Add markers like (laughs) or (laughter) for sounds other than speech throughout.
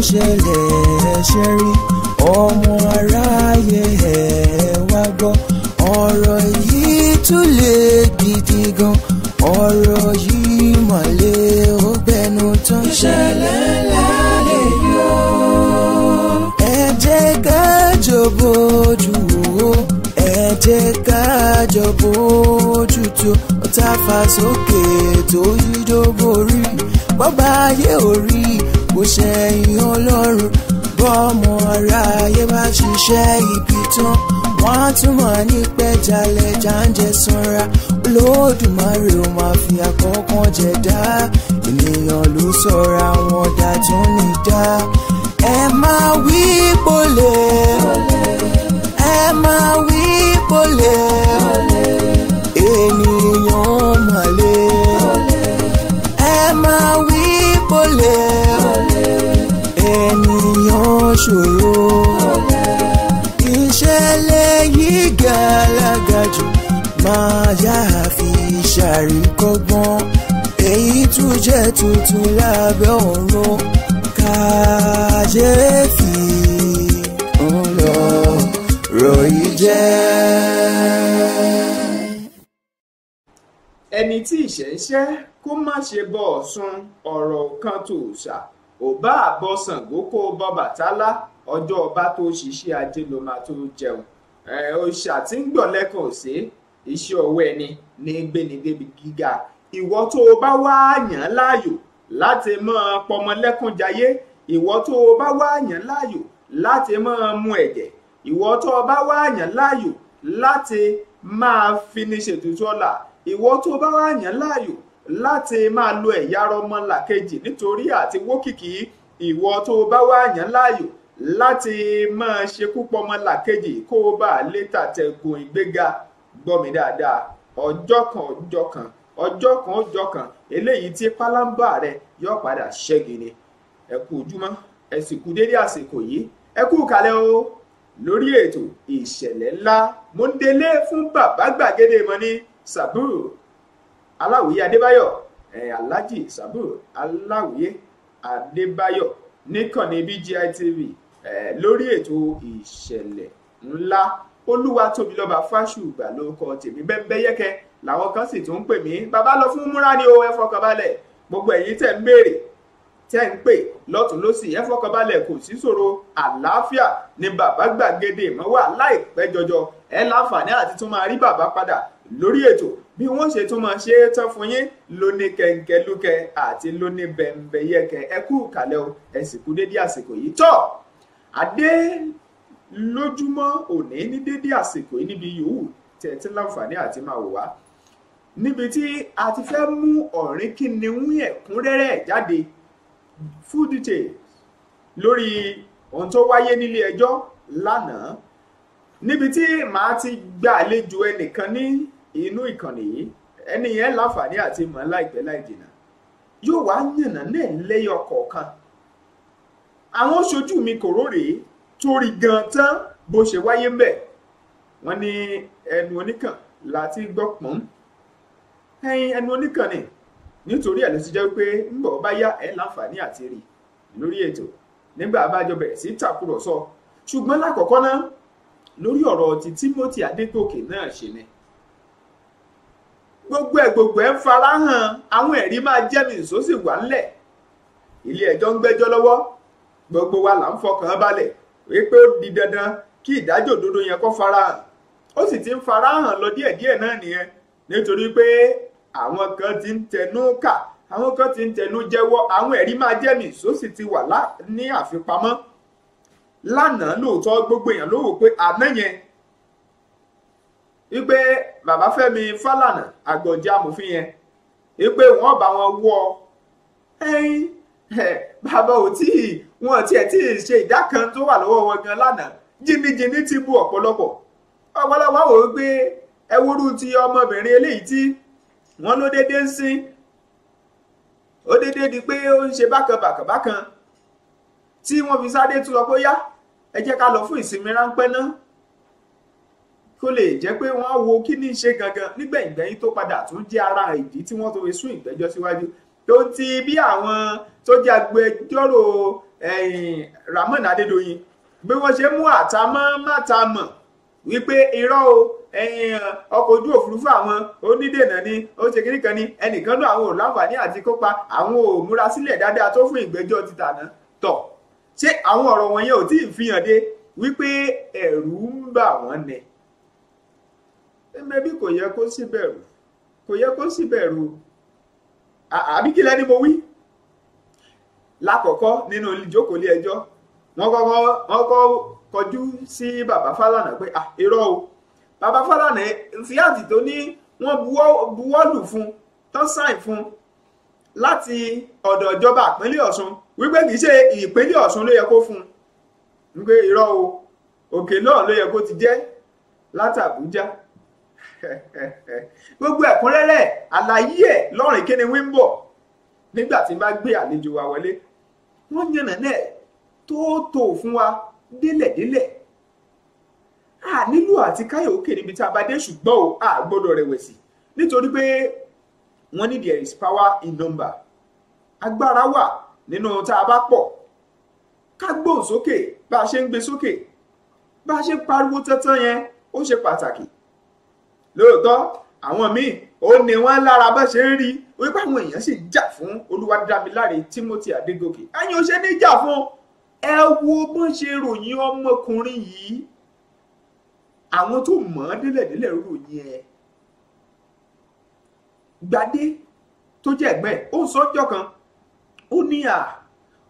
ṣẹlẹ̀ ẹ ṣe rí ọmọ aráyé ẹ wá gbọ́ ọ̀rọ̀ yìí tún lè gidi gan ọ̀rọ̀ yìí mà lè ó gbẹnu tán. ìṣẹ̀lẹ̀ ńlá lè yọ. ká jọ̀bọ̀ ojú wo ẹ ká jọ̀bọ̀ ojú tó tá a fà sókè tó yí dó borí bọ́ba ayé orí kò ṣẹ̀yìn ọlọ́run bọ́ọ̀mù ara ayé bá ṣiṣẹ́ ibi tán wọ́n á túmọ̀ ní pẹ́jálẹ̀ jáǹjẹ́ sanra olódùmarè ó máa fi àkọ́kàn jẹ dá ènìyàn ló sọ̀ra wọn dá tún ní dá ẹ máa wí pọ̀lẹ́ ẹ máa wí pọ̀lẹ́ ènìyàn ó máa lé ẹ máa wí ó lè ènìyàn ṣòro ìṣẹ̀lẹ̀ yìí gàlágà máa yá àfi ṣàríkọ́gbọ́n èyí tún jẹ́ tuntun lábẹ́ ọ̀run kàyéfì ńlọrọ̀ yìí jẹ́. ẹni tí ìṣẹ́ṣẹ́ kó má ṣe bọ Ọ̀ṣun ọ̀rọ̀ kan tó ṣà ò bá àbọ̀ Ṣàngó kó bọ Bàtálá ọjọ́ ọba tó ṣiṣẹ́ ajé ló máa tó jẹun òòṣà tí ń gbọ̀n lẹ́kàn ò ṣe iṣẹ́ ọwọ́ ẹni ní gbéni débi gíga ìwọ tó o bá wá yàn láàyò láti máa pọmọ lẹ́kùnjayé ìwọ tó o bá wá yàn láàyò láti máa mu ẹ̀jẹ̀ ìwọ tó o bá wá yàn láàyò láti máa fi ní ṣètùtù ọ̀la ìwọ tó bá wá yàn láàyò láti máa lo ẹ̀yà ara ọmọlàkejì nítorí àti wókìkí ìwọ tó bá wá yàn láàyò láti máa ṣekú pọ̀ ọmọlàkejì kó o bá lè tàtẹ̀gùn ìgbéga gbọ́ mi dáadáa ọjọ́ kan ọjọ́ kan ọjọ́ kan ọjọ́ kan eléyìí tí pálámbà rẹ yóò padà ṣẹ́gi ni ẹ kú ojúmọ́ ẹ sì kú dédé àsìkò yìí ẹ kú kalẹ̀ o lórí ètò ìṣẹ̀lẹ̀ ńlá mo ń delé fún bàbá gbàgede mọ́ ní Sabu Aláwìyé Adébáyọ̀ eh, Alhaji Sabu Aláwìyé Adébáyọ̀ níkànnì BGI TV eh, lórí ètò ìṣẹ̀lẹ̀ ńlá Olúwatóbilọ́ba Fásùgbà ló kọ tèmi bẹ́ńbẹ́yẹ́kẹ́ làwọn kan sì tún ń pè mí bàbá lọ fún múra ni o ẹ fọkàn balẹ̀ gbogbo ẹ̀yin tẹ̀ ń béèrè tẹ́ ń pè lọ́tún lọ́sì ẹ fọkànbalẹ̀ kò sí ṣòro àlàáfíà ni bàbá gbàgede ìmọ̀ wà láìpẹ́ jọjọ ẹ láǹfààní àti tún máa rí bàbá padà lórí ètò bí wọ́n ṣe tún máa ṣe é tán fún yín lóní kẹ̀ǹkẹ́lúkẹ àti lóní bẹ̀ǹbẹ̀yẹkẹ ẹ kú kàlẹ́ o ẹ sì kú dédé àsìkò yìí tọ́ adé lójúmọ́ òní ní dédé àsìkò yìí níbi yòówù tẹ̀ tí láǹfààní àti máa wò wá níbi tí a ti fẹ́ mú ọ̀rìn kìnìún ẹ̀kúnrẹ́rẹ́ jáde full detail lórí ohun tó wáyé nílé ẹjọ́ lánàá níbi tí màá ti gbàlejò ẹnìkan ní inú ìkànnì yìí ẹni yẹn láǹfààní àti mọ̀ láìpẹ́ láì jìnnà yóò wá yànnà náà lẹ́yọ kọ̀ọ̀kan àwọn ṣojú mi kòró rèé torí gan tán bó ṣe wáyé mbẹ wọ́n ní ẹnu oníkàn láti gbọ́ pọ́n ẹyin ẹnu oníkàn ni nítorí ẹ̀ ló ti jẹ́ pé ń bọ̀ bá yá ẹ̀ láǹfààní àti rí lórí ètò nígbà abájọ bẹ̀rẹ̀ sí tàkùrọ̀sọ ṣùgbọ́n lákọ̀ọ́kọ́ náà lórí ọ̀rọ̀ ti Timothy Adégòkè náà ṣe ni gbogbo ẹ̀ gbogbo ẹ̀ ń farahàn àwọn ẹ̀rí máa jẹ́mi ìsósì wà ńlẹ̀ ilé ẹjọ́ ń gbẹ́jọ́ lọ́wọ́ gbogbo wa là ń fọkàn balẹ̀ wípé ó di dandan kí ìdájọ́ òdodo yẹn kó farahàn ó sì ti ń farahàn lọ díẹ̀díẹ̀ náà nìyẹn nítorí pé àwọn kan ti ń tẹnu kà àwọn kan ti ń tẹnu jẹ́wọ́ àwọn ẹ̀rí máa jẹ́mi ìsósì ti wà ní àfipamọ́ lánàá lóòótọ́ gbogbo èèyàn ló wò pé àná yẹn wípé bàbá Fẹ́mi Fálànà àgbọ̀já amòfin yẹn wípé wọ́n bá wọn wọ ẹyin bàbá ò tí ì wọn tiẹ̀ tí ì ṣe ìdá kan tó wà lọ́wọ́ wọn gan lánàá jìnnìjìnnì ti bu ọ̀pọ̀lọpọ̀ ọ̀pọ̀lọpọ̀ wò ó gbé ẹwúrú ti ọmọbìnrin eléyìí tí wọ́n ló déédéé ń sìn ó déédéé di pé ó ń ṣe bákan bákan bákan tí wọ́n fi sáré tún lọ pé yá ẹ jẹ́ ká lọ fún ìsinmi ráńpẹ́ náà kó lè jẹ́ pé wọ́n wo kí ní í ṣe gangan nígbẹ̀yìngbẹ̀yìn tó padà tún jẹ́ ara ìdí tí wọ́n tó fi sún ìgbẹ́jọ́ síwájú tó ti bí àwọn tó jẹ́ agbẹjọ́rò Rahmon Adédoyin bí wọ́n ṣe mú àtàmọ́ mátàmọ́ wípé irọ́ o ọkọ̀ ojú òfurufú àwọn onídènà ni ó ṣe kiri kan ni ẹnìkan náà àwọn ò láǹfààní àti kópa àwọn ò múra sílẹ̀ dáadáa tó fún ìgbẹ́jọ́ ti tàná tọ̀ ṣé àwọn ọ̀rọ̀ wọ̀nyẹn ò tí ì fihàn dé wípé ẹ̀rù ń bà wọ́n nẹ̀ mẹ́bí kò yẹ kó sì bẹ̀rù kò yẹ kó sì bẹ̀rù àbí kí lẹ́ni mo wí lákọ̀ọ́kọ́ nínú ìjókòó ilé ẹjọ́ wọ́n kọ́kọ́ wọ́n kọ́ kọjú sí bàbá Fálànà pé à irọ́ o bàbá Fálànà síyàtì tó ní wọ́n buwọ́lù fún tán sáìn fún láti ọ̀dọ̀ ìjọba ìpínlẹ̀ Ọ̀ṣun wípé kì í ṣe ìpínlẹ̀ Ọ̀ṣun ló yẹ kó fún un wípé irọ́ o òkè náà ló yẹ kó ti jẹ́ látàbújá (laughs) gbogbo ẹ̀kúnrẹ́rẹ́ àlàyé ẹ̀ lọ́rìn kí ni wí ń bọ̀ nígbà tí n bá gbé àlejò wa wọlé wọ́n yànnà náà tóótó fún wa délẹ̀délẹ̀ a nílò àti káyọ̀ òkè níbi tá a bá dé ṣùgbọ́n o a gbọ́dọ̀ rẹ̀wẹ̀sì nítorí pé wọ́n ní there is power in number agbára wà nínú tá a bá pọ̀ ká gbóhùn sókè bá a ṣe ń gbé sókè bá a ṣe pariwo tẹ́tán yẹn ó ṣe pàtàkì lóòótọ́ àwọn míì ó ní wọn lára bá ṣe ń rí wípé àwọn èèyàn sì jà fún olúwadámiláre Timothy Adégòkè ẹ̀yin ò ṣe ní jà fún ẹ wo bó ṣe ròyìn ọmọkùnrin yìí àwọn tó mọ̀ ọ́ délẹ̀délẹ̀ ròyìn ẹ̀ gbadé tó jẹ́ ẹ̀gbẹ́ ó sọ́jọ́ kan ó ní à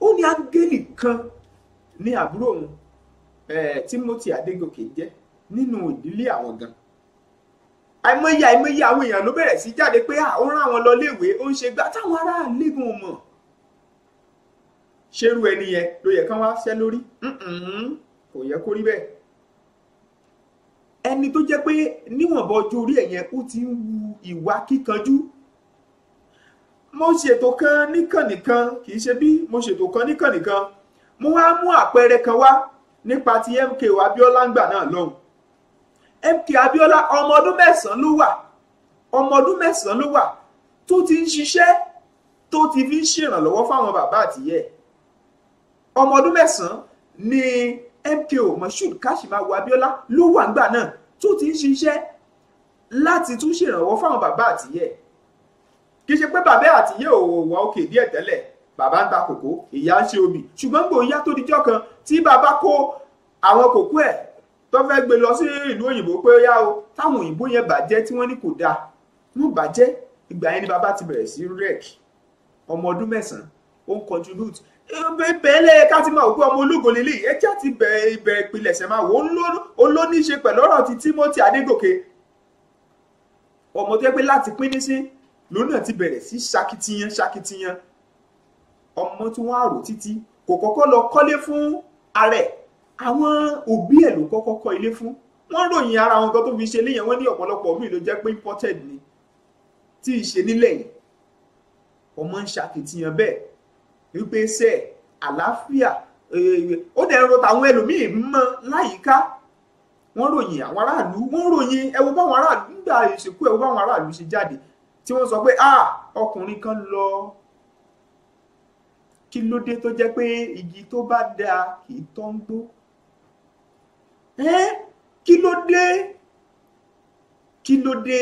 ó ní áńgẹ́lì kan ní àbúrò òun Timothy Adégòkè jẹ́ nínú ìdílé àwọn gan àìmọye àìmọye àwọn èèyàn ló bẹ̀rẹ̀ sí jáde pé à ó rán àwọn lọ léèwé ó ń ṣe gbà táwọn ará lẹ́gùn mọ̀ ṣerú ẹni yẹn ló yẹ kán wá ṣẹ́ lórí kò yẹ kó rí bẹ́ẹ̀ ẹni tó jẹ́ pé níwọ̀nba ọjọ́ orí ẹ̀ yẹn ó ti ń wu ìwà kíkanjú mo ṣètò kan níkànnìkan kì í ṣe bí mo ṣètò kan níkànnìkan mo wá mú àpẹẹrẹ kan wá nípa ti MKO Abiola ńgbà náà lọ́hùn MK Abiola ọmọ ọdún mẹ́sàn-án ló wà ọmọ ọdún mẹ́sàn-án ló wà tó ti ń ṣiṣẹ́ tó ti fi ń ṣèrànlọ́wọ́ fáwọn bàbá àtìyẹ́ ọmọ ọdún mẹ́sàn ni MKO Moshood Kashimawo Abiola ló wà ńgbà náà tó ti ń ṣiṣẹ́ láti tún ṣèrànwọ́ fáwọn bàbá àtìyẹ́ kì í ṣe pé bàbá àtìyẹ́ ò wà òkè díẹ̀ tẹ́lẹ̀ bàbá ń ta kòkó ìyá ń ṣe obì ṣùgbọ́n gbòòyà tó dijọ́ kan tí bàbá kó àwọn kòkó ẹ̀ tó fẹ́ gbé lọ sí ìlú òyìnbó pé ó yá o táwọn òyìnbó yẹn bàjẹ́ tí wọ́n ní kò dáa wọ́n bàjẹ́ ìgbà yẹn ni bàbá ti bẹ̀rẹ̀ sí rec ọmọ ọdún mẹ́sàn-án ó ń contribute bẹ́ẹ̀lẹ̀ ká ti máa wò pé ọmọ ológo lélẹ̀ ẹ jẹ́ ti bẹ̀rẹ̀ ìbẹ̀rẹ̀ ìpilẹ̀ṣẹ̀ máa wò ó ló ní í ṣe pẹ̀lú ọ̀rọ̀ ti Timothy Adégòkè ọmọ tó yẹ pé láti pín ní sí lòun ti bẹ̀rẹ̀ sí ṣakitiyan ṣakitiyan ọmọ tí wọ́n á rò títí kò kọ́kọ́ lọ kọ́lé fún ààrẹ àwọn òbí ẹ̀ ló kọ́kọ́ kọ́ ilé fún wọ́n ròyìn ara wọn kan tó fi ṣe léyìn wọ́n ní ọ̀pọ̀lọpọ̀ míì ló jẹ́ pé imported ni tí ì ṣe nílẹ̀ yìí ọmọ ń ṣàkìtìyàn bẹ́ẹ̀ wípé sẹ́ àlàáfíà eh, ó dẹ̀ ń ro tàwọn ẹlòmíì mọ́ láyìíká wọ́n ròyìn àwọn aráàlú wọ́n ròyìn ẹwọ báwọn aráàlú nígbà ìsìnkú ẹwọ báwọn aráàlú ṣe jáde tí wọ́n sọ pé ah ọkùnrin kan lọ kí ló dé tó jẹ́ pé igi tó bá dáa kì í tọ́ gbó ẹ́ kí ló dé kí ló dé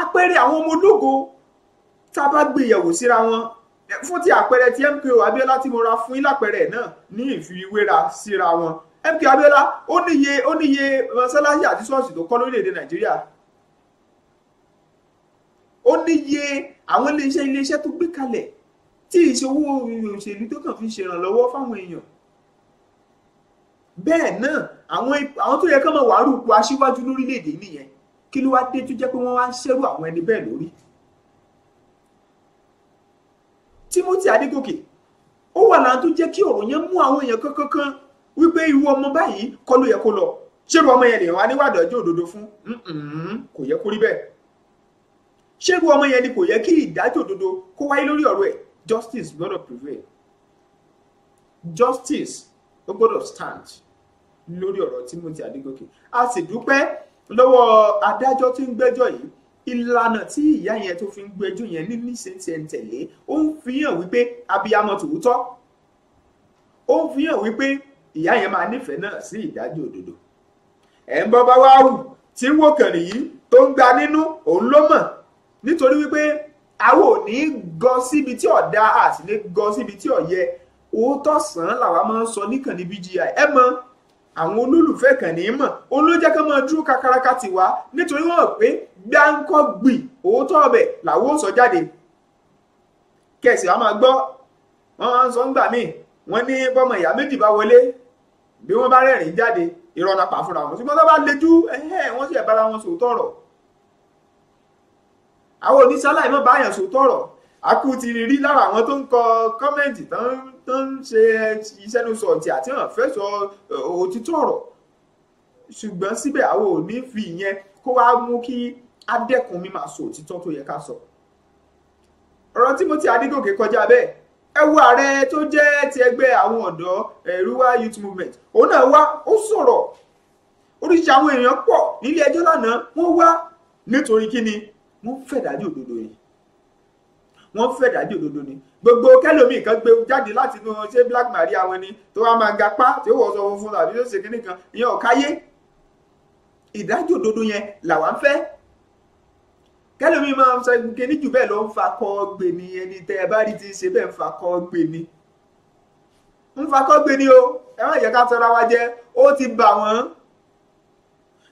àpẹẹrẹ àwọn ọmọ ológo tá a bá gbé yẹ̀wò síra wọn fún ti àpẹẹrẹ ti MKO Abiola tí mora ra fún yín lápẹẹrẹ náà ní ìfiwéra síra wọn MKO Abiola ó níye ó níye mọ́sálásí àti ṣọ́ọ̀ṣì tó kọ́ lórílẹ̀‐èdè Nàìjíríà ó níye àwọn iléeṣẹ́ iléeṣẹ́ tó gbé kalẹ̀ tí ìṣòwò òṣèlú tó kàn fi ṣèrànlọ́wọ́ fáwọn èèyàn bẹ́ẹ̀ náà àwọn tó yẹ kọ́ mọ̀ wàárù po aṣíwájú lórílẹ̀‐èdè nìyẹn kí ló wá dé tó jẹ́ pé wọ́n wá ń ṣẹ́rù àwọn ẹni bẹ́ẹ̀ lórí. Timothy Adégòkè ó wà láwọn tó jẹ́ kí ọ̀rọ̀ yẹn mú àwọn èèyàn kankan kan wípé irú ọmọ báyìí kọ́ ló yẹ kó lọ ṣerú ọmọ yẹn lèèyàn wá níwádìí ọjọ́ òdodo fún kò yẹ kó rí bẹ́ẹ̀ ṣerú ọmọ yẹn ni kò yẹ kí ìdájọ́ òdodo kó wáyé lórí ọ̀rọ̀ ẹ̀ justice gbọ́dọ̀ prevail justice ó gbọ́dọ̀ stand lórí ọ̀rọ̀ Timothy Adégòkè a sì dúpẹ́ lọ́wọ́ adájọ́ tí ń gbẹ́jọ́ yìí ìlànà tí ìyá yẹn tó fi ń gbẹ́jọ́ yẹn ní níṣẹ́ntẹ̀ntẹ̀lé ó ń fi hàn wípé abiyamọ tòótọ́ ó ń fi hàn wípé ìyá yẹn máa nífẹ̀ẹ́ náà sí ìdájọ́ òdodo ẹ̀ ń bọ́ bá wá rù tí ń wò kàn yìí tó ń gba nínú òun ló mọ̀ nítorí wípé àwọn ò ní gọ síbi tí ọ̀dà àti síbi tí ọ̀yẹ òótọ́ sàn án máa ń sọ níkànnì BGI ẹ mọ̀ àwọn olólùfẹ́ kan ní í mọ̀ òun ló jẹ́ ká máa dúró kakaraka tì wá nítorí wọ́n mọ̀ pé gbáǹkọ́ gbì òótọ́ ọbẹ̀ làwọn ò sọ jáde kẹsì wa máa gbọ́ wọ́n máa ń sọ ńgbà míì wọ́n ní bọ́mọ ìyá méjì bá wọlé bí wọ́n bá rẹ́rìn jáde ìrọ̀nà pa fúnra wọn ṣùgbọ́n tó bá lejú wọ́n sì bára wọn sòótọ́ ọ̀rọ̀ àwọn oníṣẹ́ aláìmọ̀ bá sòótọ́ ọ̀rọ̀ akú ti rí lára àwọn tó ń kọ kọ́mẹ́ǹtì tán tó ń ṣe iṣẹ́ ló sọ ọ̀tí àti hàn fẹ́ sọ òtítọ́ ọ̀rọ̀ ṣùgbọ́n síbẹ̀ àwọn ò ní fi ìyẹn kó wá mú kí adẹ́kun mi máa sọ òtítọ́ tó yẹ ká sọ. ọ̀rọ̀ Timothy Adégòkè kọjá bẹ́ẹ̀ ẹ wo ààrẹ tó jẹ́ ti ẹgbẹ́ àwọn ọ̀dọ́ Èrúwà Youth Movement òun náà wá ó sọ̀rọ̀ oríṣi àwọn èèyàn pọ̀ nílé ẹjọ́ lánàá wọ́n wá nítorí kí ni wọ́n fẹ̀dájú òdodo yìí wọ́n fẹ́ dájú òdodo ni gbogbo kẹlòmíì kan gbé jáde láti inú ṣé Black Maria wọn ni tó wá máa ga pa tí ó wọ̀ sọ funfun tàbí tó ṣe kínní kan ìyẹn ò káyé ìdájọ́ òdodo yẹn làwa ń fẹ́ kẹlòmíì máa ń sọ kínní jù bẹ́ẹ̀ ló ń fa kọ́ gbè ni ẹni tẹ́ ẹ bá rí ti ṣe bẹ́ẹ̀ ń fa kọ́ gbè ni ń fa kọ́ gbè ni o ẹ má yẹ ká tọra wa jẹ ó ti bà wọ́n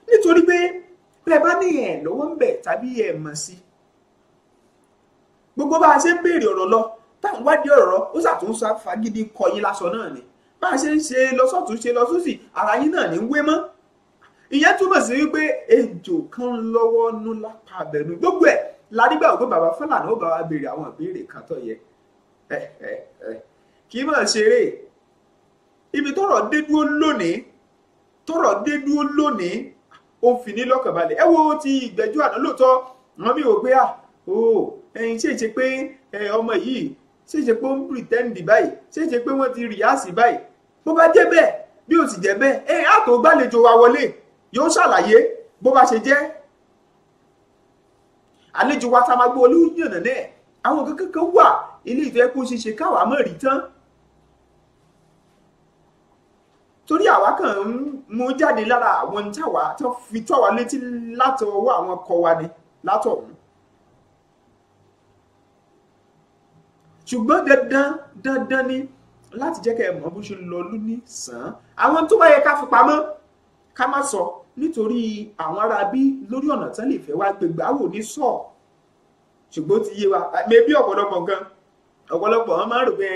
nítorí pé bẹ́ẹ̀ bá ní ẹ̀ lọ́wọ́ ń bẹ̀ tàbí ẹ̀ mọ̀ sí i gbogbo bá a ṣe ń béèrè ọ̀rọ̀ lọ táwọn wádìí ọ̀rọ̀ ó ṣàtúnṣe fagídí kọyín lásán náà ni bá a ṣe ń ṣe lọ́sọ̀tún ṣe lọ́sọ̀sì ara yín náà ní ń wé mọ́ ìyẹn túmọ̀ sí wípé ejò kan lọ́wọ́ nú lápá abẹnú gbogbo ẹ̀ ládìgbà ògbó bàbá Fálànà ó bá wa béèrè àwọn ìbéèrè kan tó yẹ kì í mọ̀ ṣeré ibi tọ́rọ̀ dé dúró lónìí tọ́rọ̀ dé dúró lónìí ó fi ní lọ́kànbalẹ̀ ẹ wo ti ìgbẹ́jọ́ àná lóòótọ́ wọn mi ò gbé à ó ẹyin ṣe é ṣe pé ọmọ yìí ṣe é ṣe pé ó ń pretend báyìí ṣe é ṣe pé wọ́n ti rìhásì báyìí bó bá jẹ́ bẹ́ẹ̀ bí ó sì jẹ́ bẹ́ẹ̀ ẹ àtò gbàlejò wa wọlé yóò ṣàlàyé bó bá ṣe jẹ́ àlejò wa tá a máa gbé olú yànnà náà àwọn kankan kan wà ilé ìfẹ́ kó ṣe ṣe káwa mọ̀ rí tán torí àwa kan ń mú jáde lára àwọn táwa tó fi tọ́wa létí látọwọ́ àwọn ọkọ wa ni látọ̀hún ṣùgbọ́n dandan dandan ni láti jẹ́ kẹ́ ẹ mọ̀ bó ṣe lọ lóní sàn án àwọn tó bá yẹ ká fi pamọ́ ká má sọ nítorí àwọn ará bí lórí ọ̀nà tán lè fẹ́ wá gbégbá wò ní sọ ṣùgbọ́n ti yé wa mẹ́bí ọ̀pọ̀lọpọ̀ gan ọ̀pọ̀lọpọ̀ wọn máa ń rò pé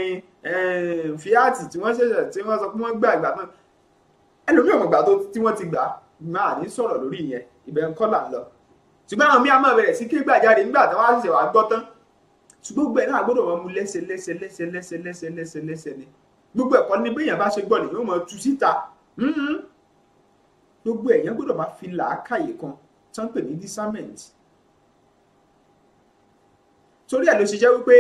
eh, fíàtì tí wọ́n ṣẹ̀ṣẹ̀ tí wọ́n sọ pé wọ́n gbà ìgbà náà ẹlòmíì ọ̀mọ̀ ìgbà tí wọ́n ti gbà máa ní sọ̀rọ̀ lórí ìyẹn ìbẹ̀ ń kọ́ là ń lọ ṣùgbọ́n àwọn míì á máa bẹ̀rẹ̀ sí ké gbàjáde nígbà tí wọ́n á ṣẹ̀ṣẹ̀ wá gbọ́ tán ṣùgbọ́n gbogbo ẹ̀ náà gbọ́dọ̀ wọn mú lẹ́sẹ̀ lẹ́sẹ̀ lẹ́sẹ̀ lẹ́sẹ̀ lẹ́sẹ̀ lẹ́sẹ̀ lẹ́sẹ̀ ni gbogbo ẹ̀kọ́ ní bẹ́yàn bá ṣe gbọ́ nìyẹn mọ̀ tú síta hmm. gbogbo ẹ̀yàn gbọ́dọ̀ máa fi làákàyè kan tó ń pè ní discernment torí ẹ̀ ló ṣe jẹ́ wípé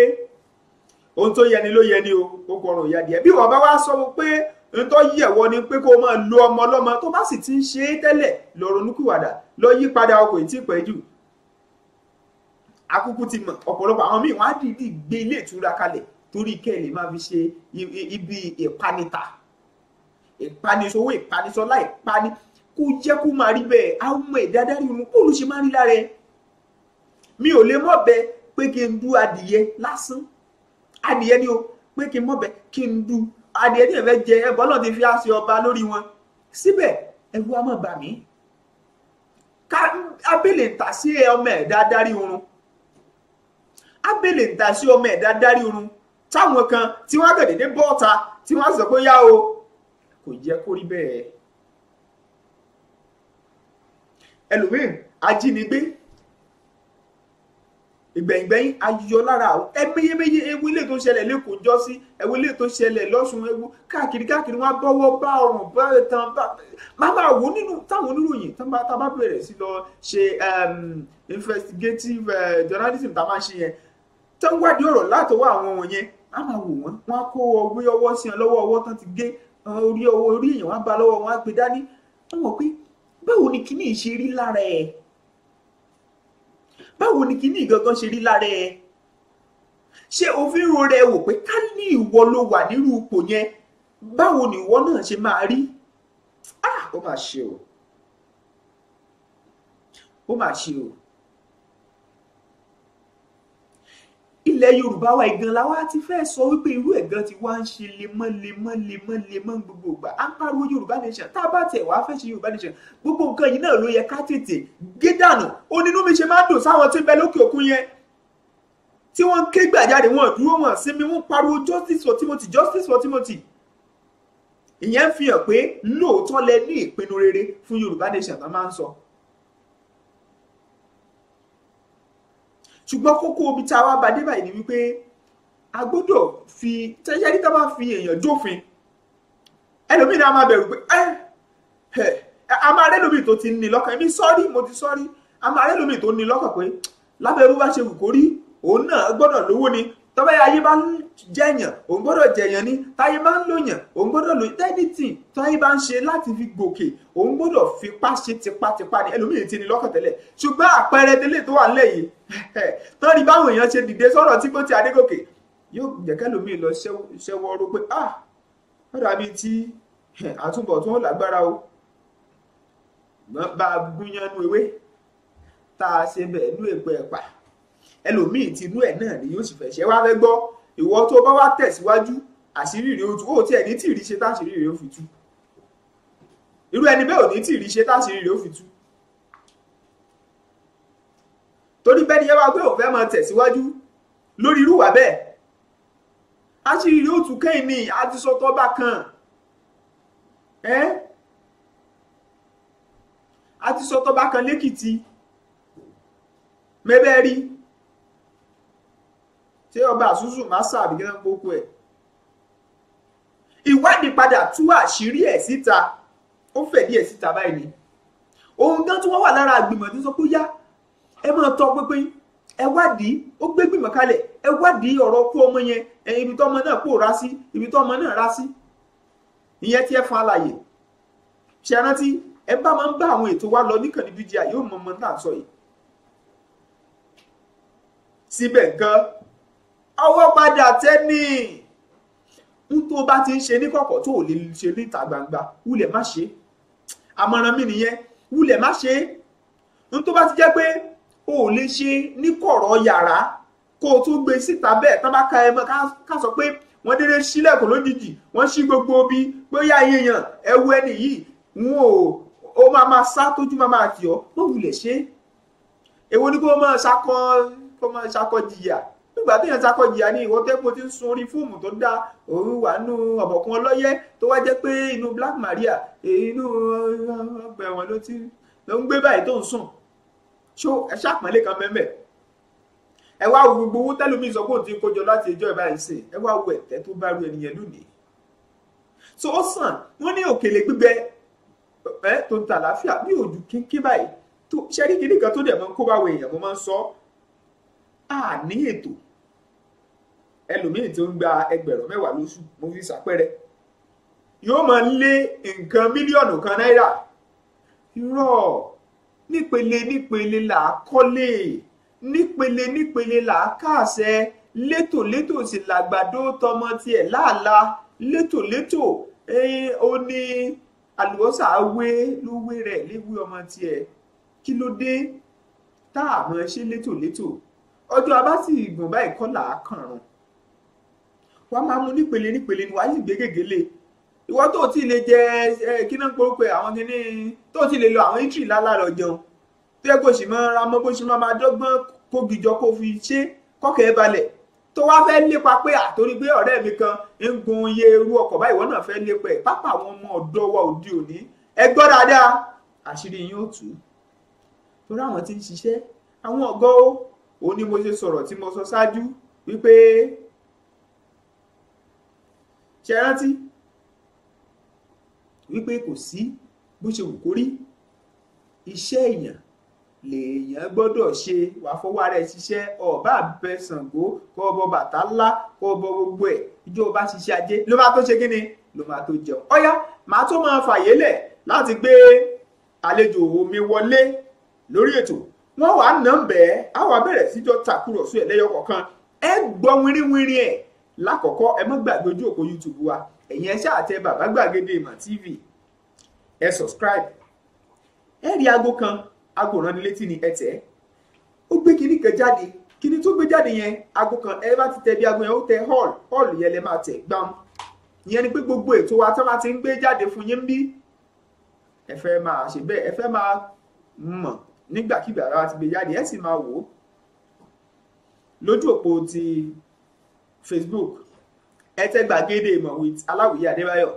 ohun tó yẹni ló yẹni o ó kọrùn ìyá díẹ̀ bí wọn bá wá sọ pé n tó yẹ wọ ni pé kó o máa lo ọmọ ọlọ́mọ tó bá sì ti ń ṣe é tẹ́lẹ̀ lọ ronúkúwàdà lọ yí padà ọkọ̀ ètí ìpẹ́jù akúkú ti mọ̀ ọ̀pọ̀lọpọ̀ àwọn míì wọ́n á dìídì gbé ilé ìtura kalẹ̀ torí kẹ́ ẹ̀ lè máa fi ṣe ibi ìpanita ìpanisowó ìpanisọlá ìpani kó jẹ́ kó máa rí bẹ́ẹ̀ àwọn ọmọ ìdádárí inú kó ló ṣe máa rí lára ẹ mi ò lè mọ̀ bẹ́ẹ̀ pé kí n du adìyẹ lásán adìyẹ ni o pé kí n mọ̀ bẹ́ẹ̀ kí n du adìyẹ tí ẹ fẹ́ jẹ ẹbọ náà ti fi àṣẹ ọba lórí wọn síbẹ̀ ẹ̀rù á máa ká abẹ́lẹ̀ tà sí ọmọ ẹ̀dádárí oorun abele ń ta sí ọmọ ẹ̀dá dárí oorun táwọn kan tí wọ́n gàdédé bọ́ ọ̀ta tí wọ́n sọ pé yá o kò jẹ́ kó rí bẹ́ẹ̀. ẹlòmíín ajínigbé ìgbẹ̀yìngbẹ̀yìn ayọ lára àwọn ẹmẹyẹmẹyẹ ewu ilé tó ń ṣẹlẹ̀ lẹ́kọ̀ọ́ jọ sí ewu ilé tó ń ṣẹlẹ̀ lọ́sùn ewu káàkiri káàkiri wọn bọ́wọ́ bá ọrùn bá ẹ̀tàn bá bàbá wo nínú táwọn oníròyìn tá a bá bẹ̀rẹ̀ sí lọ ṣe ehm, investigative eh, journalism tá a máa ṣe yẹn tó ń wádìí ọ̀rọ̀ látọwọ́ àwọn wọ̀nyẹn á máa wò wọ́n wọ́n á kó orí ọwọ́ sí wọn lọ́wọ́ ọwọ́ tán ti gé orí ọwọ́ orí èèyàn wọn á ba lọ́wọ́ wọn á gbé dání wọ́n mọ̀ pé báwo ni kíní ṣe rí lára ẹ̀ báwo ni kíní gangan ṣe rí lára ẹ̀ ṣé òfin ro rẹ wò pé ká ní ìwọ ló wà nírú ipò yẹn báwo ni ìwọ náà ṣe máa rí ah ó máa ṣe o ó máa ṣe o. ilẹ̀ yorùbá wa ìgan la wá ti fẹ́ sọ wípé irú ẹ̀gan ti wá ń ṣe lemọ́ lemọ́ lemọ́ lemọ́ gbogbo ìgbà à ń pariwo yorùbá nation tá a bá tẹ̀ wá fẹ́ ṣe yorùbá nation gbogbo nǹkan yìí náà ló yẹ ká tètè gé dànù onínú mi ṣe máa ń dùn sáwọn tí ń bẹ lókè òkun yẹn tí wọ́n ké gbàjáde wọn dúró wọn sinmi wọn pariwo justice for Timothy justice for Timothy ìyẹn fi hàn pé lóòótọ́ lẹ ní ìpinnu rere fún yorùbá nation tó máa ń sọ. ṣùgbọ́n kókó omi tá a wá bá dé báyìí ni wípé a gbọ́dọ̀ fi tẹ́jẹ́rí tá bá fi èèyàn jófin ẹlòmíì náà máa bẹ̀rù pé ẹ ẹ a máa rẹ́ lómi tó ti ní lọ́kàn èmi sọ́rí mo ti sọ́rí a máa rẹ́ lómi tó ní lọ́kàn pé lábẹ́rú bá ṣe wù kó òun náà gbọ́dọ̀ lówó ni tọ́bẹ́ ayé bá jẹyàn òun gbọ́dọ̀ jẹyàn ni táyé máa ń lòyàn òun gbọ́dọ̀ lòyàn tẹnitìn táyé bá ń ṣe láti fi gòkè òun gbọ́dọ̀ fipá ṣe tipátipá ni ẹlòmíì ti ní lọ́kàn tẹ́lẹ̀ ṣùgbọ́n àpẹẹrẹ délé tó wà ńlẹ̀ yìí tán ni báwọn èèyàn ṣe dìde sọ̀rọ̀ Timothy Adégòkè yóò jẹ́ kẹlòmíì lọ ṣẹ́wọ́ ọrọ̀ pé ah ó dàbí tí àtúbọ̀ tó ń lágbára o bá a gúnyánú ewé tá a ṣe bẹ̀ nú èpo ẹ̀pà ẹlòmíì tinú ẹ̀ náà ni yóò sì fẹ́ ṣe wá fẹ́ gbọ́ ìwọ tó bá wá tẹ̀síwájú àṣírí rẹ̀ ó tú ó tiẹ̀ ní tí ìrí ṣe táṣírí rẹ̀ ó fi tú irú ẹni bẹ́ẹ̀ ò ní tí ìrí ṣe táṣírí rẹ̀ ó fi tú torí bẹ́ẹ̀ ni yẹn wá pé òun fẹ́ máa tẹ̀síwájú lórí irú wà bẹ́ẹ̀ àṣírí rẹ̀ ó tú kẹ́yìn ní àtisọ́tọ́ bá kan ẹ́ àtisọ́tọ́ bá kan lẹ́kìtì mẹ́bẹ́ẹ́ ṣé ọba àsúnṣù má sàbí kí wọn kókó ẹ ìwádìí padà tú àṣírí ẹ síta ó fẹ̀dí ẹ síta báyìí ni ohun gan tí wọn wà lára àgbìmọ̀ tó sọ pé yá ẹ máa tọ pínpín ẹ wádìí ó gbé gbìmọ̀ kalẹ̀ ẹ wádìí ọ̀rọ̀ kú ọmọ yẹn ẹyin ibi tọmọ náà pòórá sí ibi tọmọ náà rá sí ìyẹn tí ẹ fún àlàyé ṣe rántí ẹ bá máa ń bá àwọn ètò wa lọ níkànnì BGI yóò mọ ọmọ náà sọ yìí síbẹ̀ gan-an ọwọ́ padà tẹ́ni ń tó bá ti ń ṣe níkọ̀kọ̀ tó ò lè ṣe níta gbangba wúlẹ̀ má ṣe àmọ̀ràn mi nìyẹn wúlẹ̀ má ṣe ń tó bá ti jẹ́ pé o ò lè ṣe níkọ̀rọ̀ yàrá kó o tún gbé síta bẹ́ẹ̀ tán bá ka ẹ mọ́ ká sọ pé wọ́n dédé sílẹ̀kùn lójijì wọ́n ṣí gbogbo bí bóyá yéèyàn ẹ wo ẹni yìí wọn ò ó máa máa sá tójú máa máa kì ọ́ ló wulẹ̀ ṣe èwo ni kó máa ṣakọ kó máa ṣakọ jìyà nígbà tí yẹn sakọ jìyà ní ìwọ tẹ́pọ̀ ti ń sun orí fóòmù tó dá òru wà nù ọ̀bọ̀kún ọlọ́yẹ tó wá jẹ́ pé inú Black Maria inú ọgbà ẹ̀wọ̀n ló ti ló ń gbé báyìí tó ń sùn ṣó ẹ ṣàpọ́nlé kan mẹ́mẹ́ ẹ wá wo gbogbo owó tẹ́lómi sọ pé òun ti ń kójọ láti ẹjọ́ ìbáyìí sè ẹ wá wo ẹ̀tẹ́ tó bá ru ẹnìyẹn lónìí so ó sàn wọ́n ní òkèlè gbígbẹ ẹ tó ń ta àlàáfíà bí òjò kínkín báyìí ṣẹ́rí kìnnìkan tó dẹ̀ máa ń kó báwo èèyàn mo máa ń sọ àní ètò ẹlòmíì tó ń gba ẹgbẹ̀rún mẹ́wàá lóṣù mo fi ṣàpẹẹrẹ yóò máa lé nǹkan mílíọ̀nù kan náírà irọ́ nípele nípele là á kọ́lé nípele nípele là á káàṣẹ létòlétò sì làgbàdo tọmọ tiẹ̀ láàla létòlétò ó ní àlùbọ́sà wé ló wé rẹ̀ léwé ọmọ tiẹ̀ kí ló dé tá a mọ̀ ṣe létòlétò ọjọ́ abá sì gùn báyìí kọ́ là á kànrùn wàá máa mu nípele nípele ni wàá sì gbé gègéle ìwọ tó ti lè jẹ kí náà gbórúkọ àwọn kìíní tó ti lè lo àwọn ítírì lálàrọ jẹun tó yẹ kó sì máa ra mọ bó ṣe máa máa dọ́gbọ́n kógijọ kó fi ṣe kọkẹ ẹ balẹ̀ tó wá fẹ́ lépa pé àtòrí pé ọ̀rẹ́ mi kan ń gun iye irú ọkọ̀ báyìí ìwọ náà fẹ́ lépa ẹ̀ pápá àwọn ọmọ ọ̀dọ́ wa òde òní ẹ gbọ́ dáadáa àṣírí yín ó tù ú torí àwọn tí ń ṣiṣẹ́ àwọn ọ̀gọ́ ò mo ṣe sọ̀rọ̀ tí mo sọ ṣáájú wípé ṣe rántí wípé kò sí bó ṣe wù kó rí iṣẹ́ èèyàn lèèyàn gbọ́dọ̀ ṣe wà fọwọ́ ara ẹ̀ ṣiṣẹ́ ọ̀bá àbẹ Ṣàngó kọ́ ọbọ Bàtálá kọ́ ọbọ gbogbo ẹ̀ ìjọ bá ṣiṣẹ́ ajé ló máa tó ṣe kí ni ló máa tó jẹun ọ̀yá màá tó máa fàyè lẹ̀ láti gbé àlejò mi wọlé lórí ètò wọn wàá nà ń bẹ́ẹ̀ á wàá bẹ̀rẹ̀ síjọ́ tàkúrọ̀sọ ẹ̀ lẹ́yọ kọ̀ọ̀kan ẹ gbọ́ wínrínwínrín ẹ̀ lákọ̀ọ́kọ́ ẹ má gbàgbé ojú òpó youtube wa ẹ̀yin ẹ ṣáà tẹ bàbá gbàgede ìmọ̀ tv ẹ subscribe ẹ rí aago kan aago ìránnilétí ni ẹ tẹ̀ ó gbé kinní kan jáde kinní tó gbé jáde yẹn aago kan ẹ bá ti tẹ bí aago yẹn ó tẹ hall hall yẹn lẹ máa tẹ̀ gbam ìyẹn ni pé gbogbo ètò wa tó máa ti ń gbé jáde fún yín bí ẹ fẹ́ máa ṣe bẹ́ẹ̀ ẹ fẹ́ máa mọ̀ nígbàkigbà bá ti gbé jáde ẹ sì máa wò lójú òpó ti facebook ẹtẹgbàgede ìmọ̀ with aláwìyé adébáyọ̀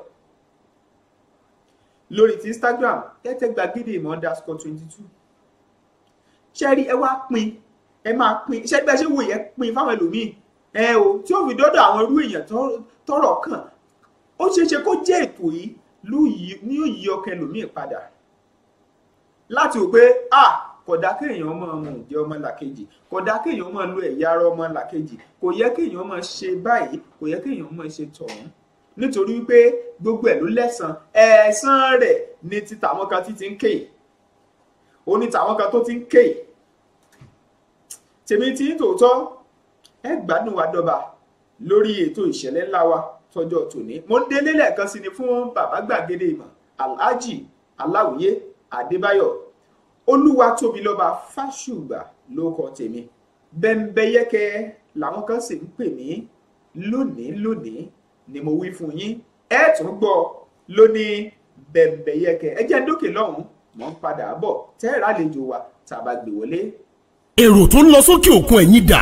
lórí ti instagram ẹtẹgbàgede ìmọ̀ underscore twenty two ṣẹ́rí ẹ wá pín ẹ máa pín ṣẹ́rí bẹ́ẹ̀ ṣe wò yẹ pín fáwọn ẹlòmíì ẹ o tí ó fi dọ́dọ̀ àwọn irú èèyàn tọ́rọ̀ kàn ó ṣeé ṣe kó jẹ́ ètò yìí ní yóò yí ọkàn ẹlòmíì padà láti wò pé ah kódà kéèyàn máa mú ǹjẹ́ ọmọ làkejì kódà kéèyàn máa lo ẹ̀yà ara ọmọ làkejì kò yẹ kéèyàn máa ṣe báyìí kò yẹ kéèyàn máa ṣe tọ̀hún nítorí pé gbogbo ẹ̀ ló lẹ́san ẹ̀san rẹ̀ ni ti tàwọn kan ti ti ń kéè ó ní tàwọn kan tó ti ń kéè tèmi ti ń tòótọ́ ẹ gbádùn wa dọ́ba lórí ètò ìṣẹ̀lẹ̀ ńlá wa tọjọ́ tòní mo ń délé lẹ́ẹ̀kan sí ni fún bàbá gbàgede ìmọ̀ alhaji aláwìyé adébáyọ̀ olúwa tóbi lọ́ba fáṣùgbà ló kọ tèmi bẹ́ńbẹ́yẹ́kẹ́ làwọn kan sì ń pè mí lónìí lónìí ni mo wí fún yín ẹ tún gbọ́ lónìí bẹ́ńbẹ́yẹ́kẹ́ ẹ jẹ́ dókè lọ́hùn-ún ń padà bọ̀ tẹ́ẹ̀rẹ́ àlejò wa tàbá gbé wọlé. èrò tó ń lọ sókè òkun ẹ̀yìn dà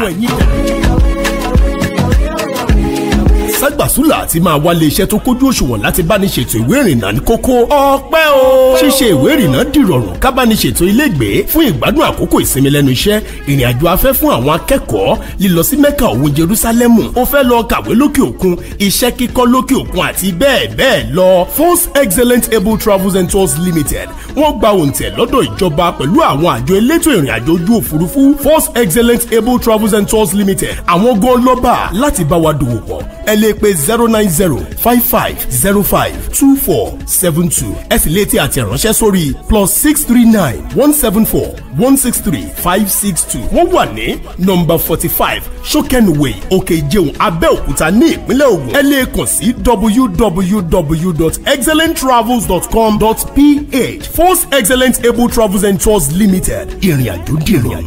ságbàsúlà àti máa wálé iṣẹ́ tó kójú òṣùwọ̀n láti bá ní ṣètò ìwé ìrìnnà ní kókó. ọpẹ́ o. ṣíṣe ìwé ìrìnnà dìrọ̀rùn ká bá ní ṣètò ilégbèé fún ìgbádùn àkókò ìsinmi lẹ́nu iṣẹ́ ìrìn àjò afẹ́ fún àwọn akẹ́kọ̀ọ́ lílọ sí mẹ́kà òun jerúsálẹ́mù ó fẹ́ lọ kàwé lókè òkun iṣẹ́ kíkọ́ lókè òkun àti bẹ́ẹ̀ bẹ́ẹ̀ lọ. force excellent able travels and tours limited wọ́n gba lè pe zero nine zero five five zero five two four seven two ẹ sì lè ti àtẹ̀ránṣẹ́ sórí plus six three nine one seven four one six three five six two. wọ́n wà ní nọ́mbà forty five sọ́kẹ́nuwé òkè ìjẹun abẹ́òkúta ní ìpínlẹ̀ Ògùn ẹ lè kàn sí www.excellenttravels.com.ph force excellent able travels and tours limited ìrìn àjò dìrò.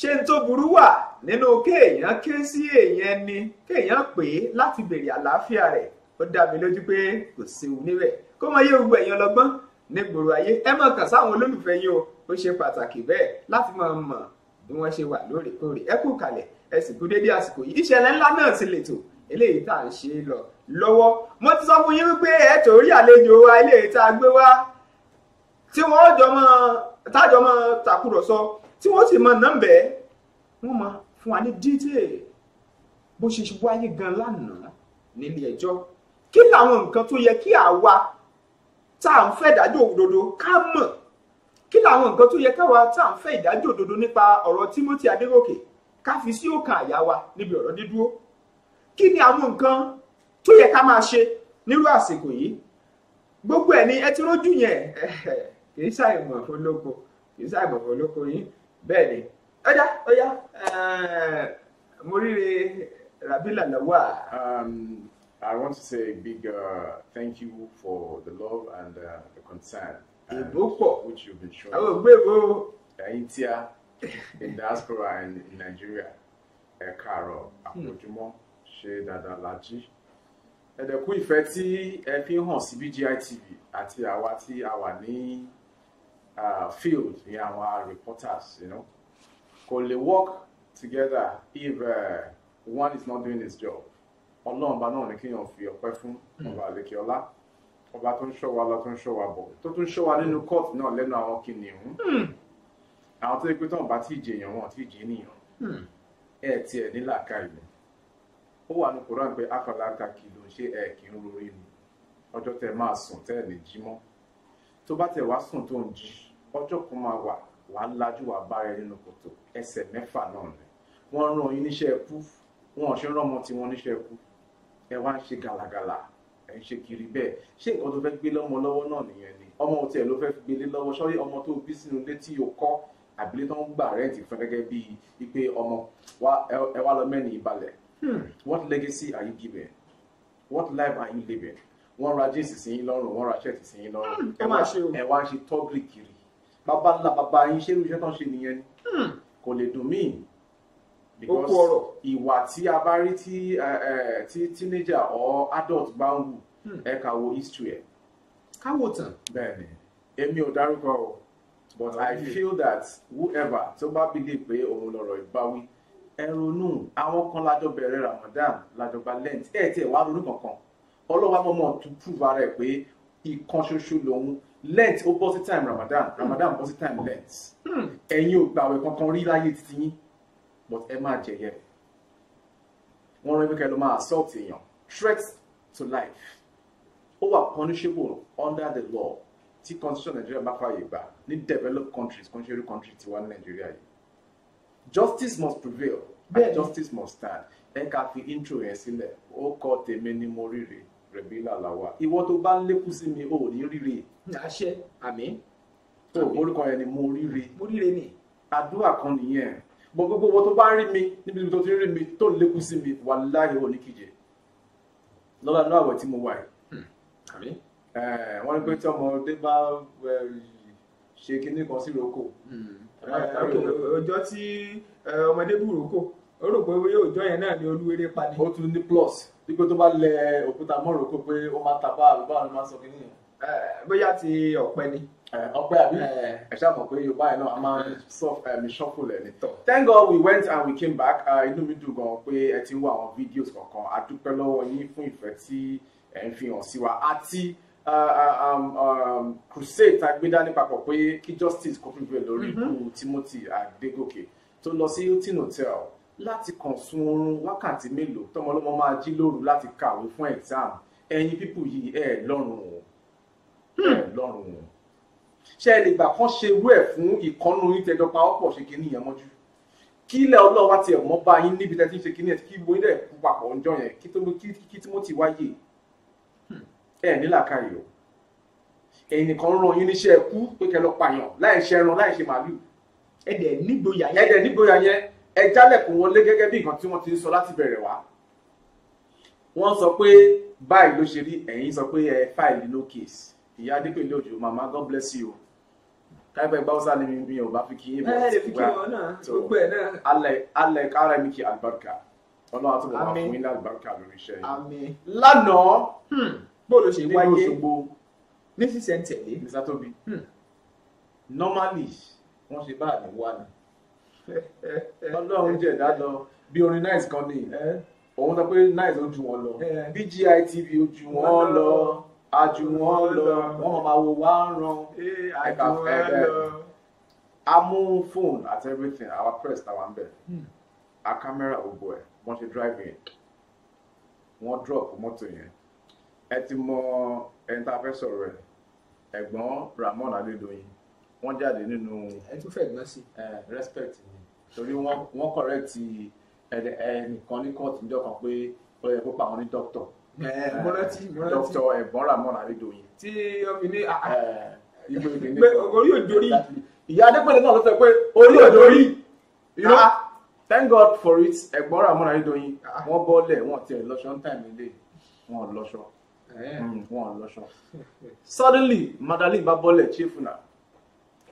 ṣé n tó burú wà nínú kéèyàn ké sí èèyàn ni kéèyàn pè é láti béèrè àlàáfíà rẹ̀ ó dá mi lójú pé kò séwu níbẹ̀ kó mọ yé gbogbo èèyàn lọ́gbọ́n nígboro ayé ẹ mọ̀ kàn sáwọn olólùfẹ́ yín o ó ṣe pàtàkì bẹ́ẹ̀ láti máa mọ̀ bí wọ́n ṣe wà lóòrèkóòrè ẹ kú kalẹ̀ ẹ sì kú dédé àsìkò yìí ìṣẹ̀lẹ̀ ńlá náà ti lè tò eléyìí tá à ń ṣe lọ lọ́wọ́ mo ti sọ fún yín wípé ẹ torí àlejò wa eléyìí tá a gbé wá tí wọ́n jọ mọ́ tájọ mọ́ tàkùrọ̀sọ tí wọ́n sì mọ nọ́mbẹ̀ wọ́n mọ fún wa ní detail bó ṣe wáyé gan lánàá nílé ẹjọ́ kí làwọn nǹkan tó yẹ kí àwa tá à ń fẹ́ ìdájọ́ òdodo ká mọ̀ kí làwọn nǹkan tó yẹ káwa tá à ń fẹ́ ìdájọ́ òdodo nípa ọ̀rọ̀ Timothy Adégòkè ká fi sí ọkàn àyà wa níbi ọ̀rọ̀ dídúró kí ni àwọn nǹkan tó yẹ ká máa ṣe nírú àsìkò yìí gbogbo ẹ̀ ni ẹ ti rójú yẹn kì í ṣàìmọ̀ olóko kì í ṣàìmọ̀ olóko yín bẹ́ẹ̀ ọjà ọjà eh, mo rabila lawa. Um, I want to say a big uh, thank you for the love and uh, the concern. Ìbópọ̀. Which you've been showing. Àwọn ògbébo. Ẹ̀yin tí a in diaspora and in Nigeria ẹ káàárọ̀ àpòjúmọ́ ṣe dáadáa lájí. Ẹ̀dẹ̀kú ìfẹ́ tí ẹ fi hàn sí BGI TV àti àwa tí a wà ní uh, field in our reporters, you know. Could they work together if uh, one is not doing his job? Ọlọ́run bá náà ní kéèyàn fi ọpẹ́ fún hmm. ọba àlekè ọlá ọba tó ń ṣọ́ wa lọ tó ń ṣọ́ wa bọ̀ tó tún ṣọ́ wa nínú court náà lẹ́nu àwọn kìnìún hmm. àwọn tó yẹ pé tọ́wọ́n bá tí ì jèèyàn wọn tí ì jẹ́ ènìyàn hmm. ẹ tiẹ̀ nílàka ìlú ó wà ní Kùránì pé akọ̀lá ṣé ẹ kì í rori ni ọjọ́ tẹ máa sùn tẹ́ ẹ̀ lè jí tó bá tẹ̀ wá sùn tó ń jí ọjọ́ kan máa wà wà á lajú wà bára ẹ nínú kòtò ẹsẹ̀ mẹ́fà náà ni wọ́n rán yín níṣẹ́ ẹkú wọn ò ṣe rọ́mọ tí wọ́n níṣẹ́ ẹkú ẹ wá ń ṣe gàlàgàlà ẹ̀ ń ṣe kiri bẹ́ẹ̀ ṣé nǹkan tó fẹ́ gbé lọ́mọ lọ́wọ́ náà nìyẹn ni ọmọ òtí ẹ̀ ló fẹ́ gbélé lọ́wọ́ sọ́rí ọmọ tó bí sínú ilé tí o kọ́ àbílẹ̀ tó ń gbà rẹ́ǹtì fún gẹ́gẹ́ bíi ipe ọmọ ẹ wá lọ mẹ́rin ìbalẹ̀ hmm, what legacy are you giving what life are you living wọ́n ra jíǹsì sí yín lọ́rùn wọ́n ra ṣẹ́ẹ̀tì sí yín lọ́rùn hmm, ẹ wá ń ṣe tọ́gìrì kiri bàbá ńlá bàbá yín ṣé irú iṣẹ́ tó ń ṣe nìyẹn ni hmm. kò lè dùn míì because ìwà tí a bá rí tí tí teenager or adult bá ń wù hmm. ẹ kà wo history ẹ. káwọ tán. bẹ́ẹ̀ni èmi ò dárúkọ o but okay. i feel that whoever tó bá believe pé òun lọ̀rọ̀ ìbáwí ẹ ronú àwọn kan lájọ bẹ̀rẹ̀ Ramadan lájọ gba lent ẹ tiẹ̀ wá ronú kankan ọlọ́wà mọ̀mọ́ tó prove ara ẹ̀ pé ìkan ṣoṣo lòun lent ó bọ́ sí time ramadan ramadan bọ́ sí time lent hmm. ẹ̀yin ò gbàwẹ̀ kankan rí láyé títí yín but ẹ máa jẹ̀yẹ̀ rẹ̀ wọ́n rán pẹ́kẹ́ ló máa assault èèyàn threat to life ó wà punishable under the law tí constitution Nigeria bá fàyè gbà ní developed countries country country tiwa ní Nigeria yìí justice must prevail and justice must stand ẹ ká fi intro yẹn sílẹ̀ ó kọ́ tèmi ní mo ríre rẹ̀bílà làwà ìwọ tó bá ń lékún sí mi ò ní ríre. àṣẹ àmín. tó orúkọ yẹn ni mo ríre. mo ríre ni. àdúrà kan nìyẹn bọ gbogbo owó tó bá rí mi níbi tó ti rí mi tó ń lékún sí mi wàláhì ò ní kíjẹ lọ́la ní àwẹ̀ tí mo wà yìí. Hmm. àmín. Eh, wọ́n ní pé tí ọmọdé bá eh, ṣe kinní kan sí roko. Hmm. Eh, ọjọ́ tí ọmọdé bù roko ó rò pé yóò jọ yẹn náà ni olúwerè pa ni. ó tún ní plus wípé tó bá lẹ òkúta mọ́rò kó pé ó máa tàbá àbí báwọn ló máa sọ kínní yẹn. bóyá ti ọ̀pẹ ni. ọ̀pẹ àbí ẹ ṣáà mọ̀ pé yorùbá yẹn náà a máa sọ ẹ̀mí ṣọ́kùlù ẹ̀ nìtọ̀. thank God we went and we came back inú mi dùn gan pé ẹ ti ń wo àwọn fídíòs kọ̀ọ̀kan a dúpẹ́ lọ́wọ́ yín fún ìfẹ́ tí ẹ ń fi hàn sí wa àti um, um, crusade tá a gbé dání papọ̀ pé kí justice kó fún ìgbẹ́ lórí mm-hmm. ikú Timothy Adégòkè tó lọ sí Hilton Hotel láti kàn sun oorun wákàtí mélòó tọmọ ọlọ́mọ máa jí lóru láti kàwé fún exam ẹ̀yin pípù yìí ẹ lọ́rùn o ẹ hmm. lọ́rùn o ṣe ẹ lè gbà kán ṣe irú ẹ̀ fún ìkànnù yín tẹjọ pa ọ̀pọ̀ ṣe kí nìyẹn mọ́jú kí ilẹ̀ ọlọ́wà tiẹ̀ mọ́ bá yín níbi tẹ́tí ń ṣe kíní ẹ̀ kí gbogbo ilẹ̀ kú papọ̀ ọjọ́ yẹn kí tó kí Timothy wáyé hmm. ẹ ní làákàyè o ẹ̀yin nìkan ń ran yín níṣẹ́ ẹkú pé kẹ́ lọ pààyàn láì ṣe ẹran láì ṣe màálù ẹ dẹ̀ nígboyà yẹn ẹ dẹ̀ nígboyà yẹn ẹ jálẹ̀kùn wọlé gẹ́gẹ́ bí nǹkan tí wọ́n ti ń sọ láti bẹ̀rẹ̀ wá wọ́n sọ pé báyìí ló ṣe rí ẹ̀yin sọ pé ẹ fáìlì no case ìyá adépèlé òjò mama god bless you káyọ̀pẹ̀ gbáwọ́sá ni mi mi ò bá fi kí yín bọ̀ ṣùgbọ́n gbogbo ẹ̀ náà alẹ̀ alẹ̀ kára mi kí àlùbáríkà ọlọ́run àti bàbá fún yín ní àlùbáríkà lórí iṣẹ́ yìí lánàá hmm, bóòlù ṣe wáyé nínú Òṣogbo ní sísẹ̀ ń tẹ̀lé ní sátọ́bi hmm, normally wọ́n ṣe báà ní wà ní ọlọ́run jẹ̀dá lọ bí orin nice kan ni òun sọ pé nice ó ju wọn lọ BGI TV ó ju wọn lọ àjù wọn lọ wọn máa wo wá ń ran ẹ̀ka amú phone àti everything our press tàwa ń bẹ̀ a camera ògbó ẹ̀ wọ́n ṣe drive in drop mọ́tò yẹn ẹ ti mọ ẹni tá a fẹ́ sọ̀rọ̀ ẹ̀ ẹ̀gbọ́n Ramon Adédoyin wọ́n jáde nínú ẹni tó fẹ́ gbọ́n sí respect ni torí wọ́n correct ẹnìkan ní court níjọ́ kan pé ó yẹ kó pa àwọn ní doctor doctor ẹ̀gbọ́n ramon adedoyin. tí ọmọ ní ah, ah. orí òdòrí ìyá adépẹ̀lẹ̀ náà ló sọ pé orí òdòrí ah, thank god for it ẹ̀gbọ́n ramon adedoyin wọ́n bọ́lẹ̀ wọ́n tiẹ̀ lọ́ṣọ́ ń tàn mí lé wọ́n lọ́ṣọ́ eh. hmm, wọ́n lọ́ṣọ́ suddenly madalin bá bọ́lẹ̀ chief náà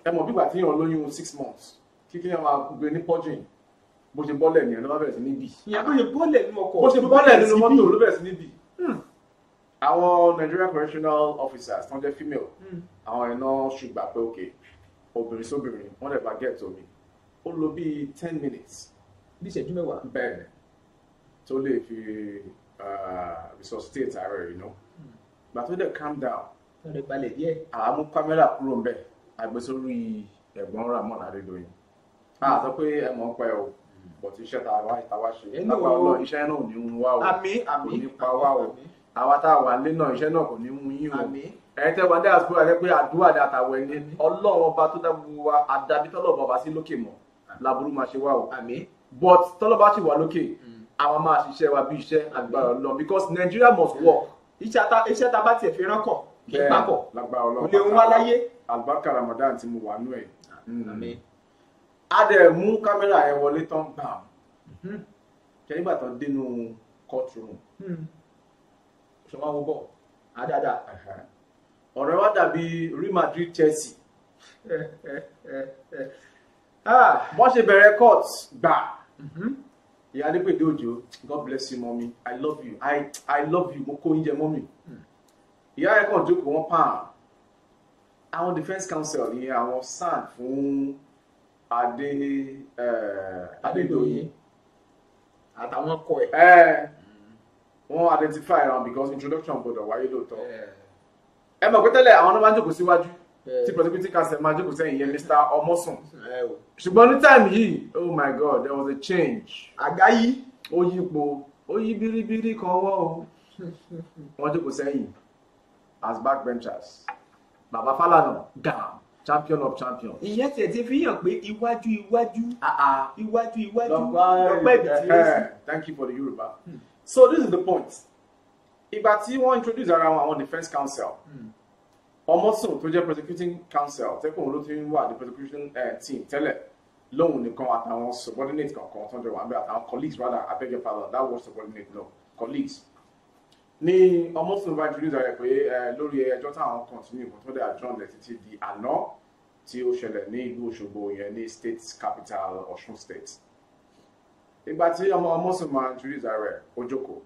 ẹ mọ̀ bí ìgbà tí lóyún six months kí kí ẹ máa gbé ní pọ́jìn bó ṣe bọ́lẹ̀ nìyẹn ló bá bẹ̀rẹ̀ sí níbì. ìyàbó ṣe bọ́lẹ̀ nínú ọkọ̀ bó ṣe bọ́lẹ̀ nínú mọ́tò ló bẹ̀rẹ̀ sí níbì. Hmm. àwọn Nigerian correctional officers tó ń jẹ́ female hmm. àwọn ẹ̀ náà ṣùgbà pé òkè obìnrin sóbìnrin wọ́n lè bá gẹ̀ẹ́tì omi ó lò bíi ten minutes. bí ìṣẹ́jú mẹ́wàá. bẹ́ẹ̀ tó lè fi uh, resuscitate ara rẹ̀ you know. Hmm. gbà tó dẹ̀ calm down. lọ́dọ̀ balẹ̀ díẹ̀. àá mú kámẹ́rà kúrò ń bẹ́ẹ̀ agbésórí ẹ̀gbọ́n Ramon Adédoyin a sọ pé ẹ mọ̀ pẹ́ o but iṣẹ́ ta wá ta wá ṣe lápá ọlọ́ iṣẹ́ náà ò ní ń wá o kò ní pa wá o àwa tá a wà lé náà iṣẹ́ náà kò ní mú yín o ẹ̀yin tẹ́ wà ní àsìkò rẹ̀ pé àdúrà ni àtàwọn ẹni ọlọ́run ọba tó dábò wa àdàbí tọ́lọ́ba ọba sí lókè mọ́ làbúrú máa ṣe wá o but tọ́lọ́ba ṣì wà lókè hmm. àwọn máa ṣiṣẹ́ wa bí iṣẹ́ agbára ọlọ́run because Nigeria must hmm. work. iṣẹ́ ta bá tiẹ̀ fi ránkọ̀ kí n papọ̀ kò lè ń wá láyé àlùbáríkà Ramadan tí mo wà nú ẹ̀ hmm. a dẹ̀ mú kámẹ́rà ẹ̀ wọlé tán gbà kẹ́ hmm. nígbà tán dénú courtroom hmm. ṣọwọ́n wo bọ̀ àdáadáa ọ̀rẹ́ wa dàbí Real Madrid Chelsea wọ́n (laughs) ah, ṣe bẹ̀rẹ̀ court gbà mm-hmm. ìyá adépèdé òjò god bless you mọ́mí i love you i i love you mo kó oúnjẹ mọ́mí ìyá ẹ̀ kàn jókòó pààrọ̀ àwọn defence counsel ni àwọn san fún adé adédọyìn àtàwọn kọ ẹ wọ́n identify am because introduction gbọ́dọ̀ wáyé lóòótọ́ ẹ mọ̀ pé tẹ́lẹ̀ àwọn náà máa ń jókòó síwájú tí prosecuting counsel máa jókòó sẹ́yìn yẹn Mr. Ọmọ́sùn ṣùgbọ́n ní time yìí oh my god there was a change àgáyí ó yípo ó yí bíríbírí kan wọ́ o (laughs) wọ́n jókòó sẹ́yìn as backbenchers bàbá Fálànà gàm champion of champion. ìyẹn tẹ̀ ti fi hàn pé iwájú iwájú ah, ah. iwájú iwájú lọ́pẹ́ ìdílé. Eh, eh, thank you for the Yoruba. Hmm. so this is the point ìgbà tí wọ́n introduce ara wọn àwọn defence counsel hmm. ọmọsùn tó jẹ́ prosecuting counsel tẹ́kùn ló ti ń wà the prosecution uh, team tẹ́lẹ̀ lóhùn nìkan àtàwọn subordinate kankan tó ń jọ wà ń bẹ àtàwọn colleagues rather I beg your pardon that was subordinate no colleagues ní ọmọsùn bá jùlọ rẹ̀ pé lórí ẹjọ́ táwọn kan ti ní ìbọn tó dé àjọ́n rẹ̀ títí di àná tí ó ṣẹlẹ̀ ní ìlú Òṣogbo yẹn ní state capital Ọ̀ṣun state ìgbà tí ọmọ ọmọsùn máa jùlọ rẹ̀ ó jókòó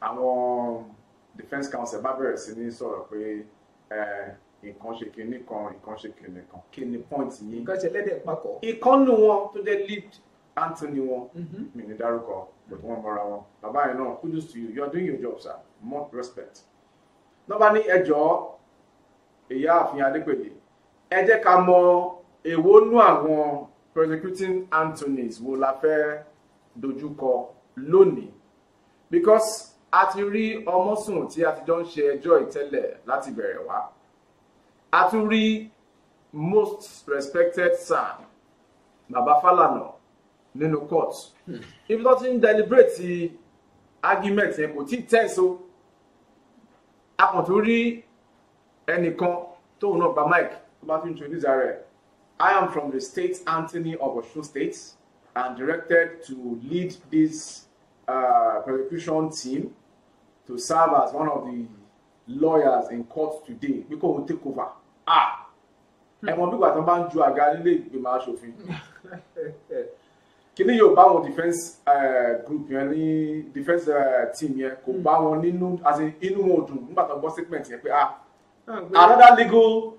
àwọn defence counsel bá bẹ̀rẹ̀ sí ní sọ̀rọ̀ pé nǹkan ṣe kìíní kan nǹkan ṣe kìíní kan kí ni point yìí. nǹkan ṣe lẹ́dẹ̀ẹ́ papọ̀. ìkọ́nù wọn tó jẹ́ lead Anthony wọn mm-hmm. mi ní dárúkọ gbogbo wọn mọ́ra wọn bàbá yẹn náà kudos to you you are doing your job sir more respect. nọ́mbà ní ẹjọ́ ìyá àfihàn adépèlé ẹ jẹ́ ká mọ èwo nú àwọn prosecuting attorneys wo la fẹ́ dojúkọ lónìí because a ti rí ọmọ sùn tí a ti jọ ń ṣe ẹjọ́ ìtẹ́lẹ̀ láti bẹ̀rẹ̀ wá a tún rí most respected sir baba Falana nínú court ibi tó ti ń deliberate argument yẹn kò tí ì tense o a kàn tún rí ẹnìkan tóun náà gba mic tó bá fi introduce ara ẹ̀ I am from the state Anthony of Osun State and directed to lead this uh, prosecution team to serve as one of the lawyers in court today because we take over ah ẹ mọ bí gbàtàn bá ń ju àga nílé ìgbìmọ̀ asòfin kíní yóò bá wọn defence uh, eh, group yẹn ní defence uh, eh, team yẹn kò hmm. bá wọn nínú àti inú wọn ò dùn nígbà tó ń gbọ́ statement yẹn pé ah, ah another legal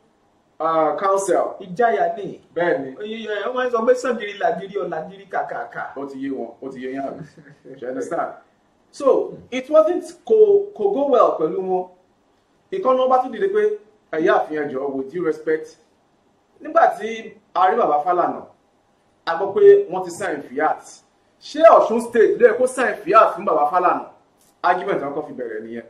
uh, counsel. ìjáyà ni bẹ́ẹ̀ni ẹ wọn sọ pé sàngiri làgiri ọlàgiri kàkàkà. ó ti yé wọn ó ti yé yín àbí (laughs) you understand so it wasn't kò kò go well pẹ̀lú wọn ìkànnà bá tún dìde pé ẹ̀yà àfihàn jọ with due respect nígbà tí a rí bàbá Fálànà. No a gbọ́ pé wọ́n ti sign fiat ṣé ọ̀ṣun state ló yẹ kó sign fiat fún baba falana argument àwọn kan fi bẹ̀rẹ̀ nìyẹn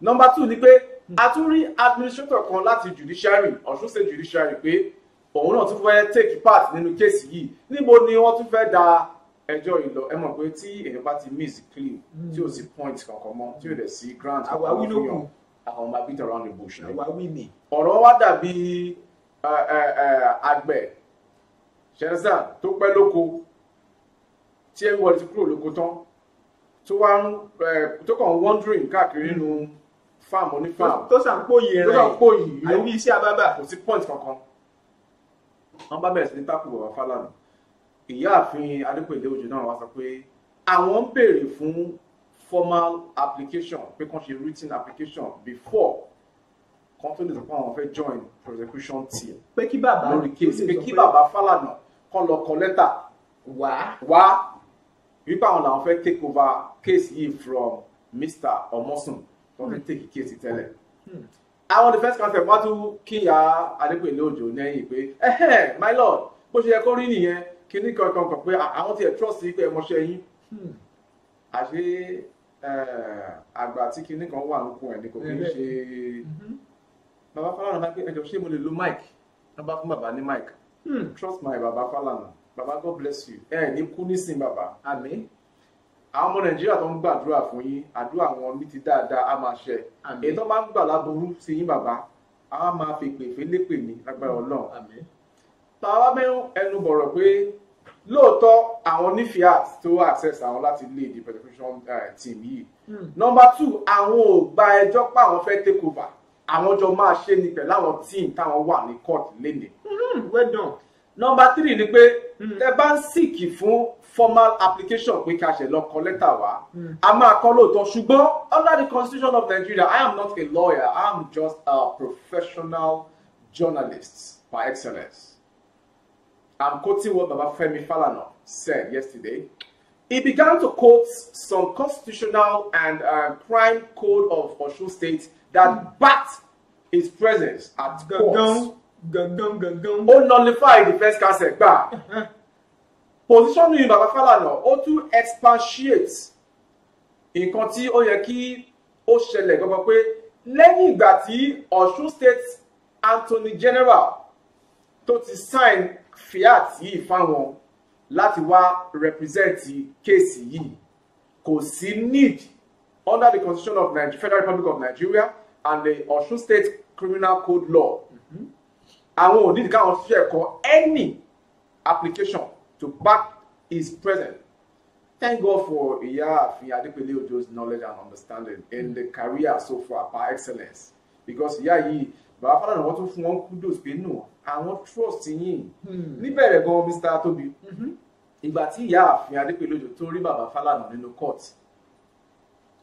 number two ni pé a tún rí administrator kan láti judiciary ọ̀ṣun state judiciary pé òun náà tún fẹ́ take part nínú kéèsì yìí níbo ni wọ́n tún fẹ́ da ẹjọ́ yìí lọ ẹ mọ̀ pé tí èèyàn bá ti miss clean tí ò sí point kankan mọ́ tí ò dẹ̀ sí grant àwọn àwọn àwọn ọmọ abit around the bush ni ọ̀rọ̀ wa dàbí àgbẹ̀ ṣẹ́nsà tó pẹ́ lóko tí ẹ̀wọ̀ ti kúrò lóko tán tó wá ń tó kàn ń wandering káàkiri nínú farm onífarm tó sàn pòyì rẹ̀ tó sàn pòyì rẹ̀ àìwí iṣẹ́ abábà kò sí point kankan wọ́n bá bẹ̀rẹ̀ sí ní tákù bàbá Fálànà ìyáàfin Adépèlé Òjó náà wá sọ pé àwọn ń béèrè fún formal application pé kàn ṣe written application before kan tó lè sọ pé àwọn fẹ́ join prosecution team. pé kí bàbá lórí case pé kí bàbá Fálànà kán lọ kọ lẹ́tà wá wá wípé àwọn làwọn fẹ́ take over case yìí from Mr. Omosun wọ́n fẹ́ hmm. take case tẹ́lẹ̀ hmm. àwọn defence counsel wọ́n tún kíyà Adépèlé Òjó lẹ́yìn pé ẹ̀hẹ́n my lord bó ṣe yẹ kó rí nìyẹn kíní kankan kan pé àwọn tiẹ̀ trust yìí pé ẹ mọṣẹ́ yín hmm. àṣé eh, àgbà tí kinní kan wà lókun ẹ̀ ni kò kí ń ṣe mm-hmm. bàbá Fọlọ́run bá pé ẹjọ́ ṣé mo lè lo mic wọ́n bá fún bàbá ní mic hmm, trust my baba Falana baba God bless you ẹ ní kú nísìn baba àmín àwọn ọmọ nàìjíríà tó ń gbàdúrà fún yín àdúrà wọn ní ti dáadáa á máa ṣe èyí tó máa ń gbà láburú sí yín bàbá á máa fi pèfé lépè ní agbára Ọlọ́run tàwa mẹ́rin ẹnu bọ̀rọ̀ pé lóòótọ́ àwọn ní fiat tó access àwọn láti lé the protection eh, team yìí hmm. nọ́mbà two àwọn ò gba ẹjọ́ pa àwọn fẹ́ take over àwọn jọ máa ṣe ni pẹ̀lú àwọn tíìm táwọn wà ní court lénìí. Hmm, well nọmba three ni pé hmm. tẹ bá ń síìkì fún formal application pé ká ṣe lọ kọ lẹ́tà wá hmm. a máa kọ́ lóòótọ́ ṣùgbọ́n under the constitution of Nigeria I am not a lawyer I am just a professional journalist by excellence. I'm quoting what Baba Femi Falana said yesterday. He began to quote some constitutional and uh, crime code of Osun State that backed his presence at court. Ó nullify the first cassette gbà. Position yìí bàbá Fálànà ó tún expatiate nǹkan tí ó yẹ kí ó ṣẹlẹ̀ gbọ́gbọ́ pé lẹ́yìn ìgbà tí Ọ̀ṣun State Attorney General tó ti sign fiat yìí fáwọn láti wá represent kéèsì yìí kò sí need under the constitution of Nigeria Federal Republic of Nigeria and the Osun State Criminal Code law àwọn ò ní káwọn ṣiṣẹ́ kọ any application to back his present Thank God for Iyaafin Adepele Ojo's knowledge and understanding in the career so far by excellence because ìyá yìí bàbá Fálànà wọn tún fún wọn kudos pé nù àwọn trust yìí hmm. níbẹ̀rẹ̀ gan Mr. Tóbi ìgbà tí Iyaafin Adepele Ojo tó rí bàbá Fálànà nínú court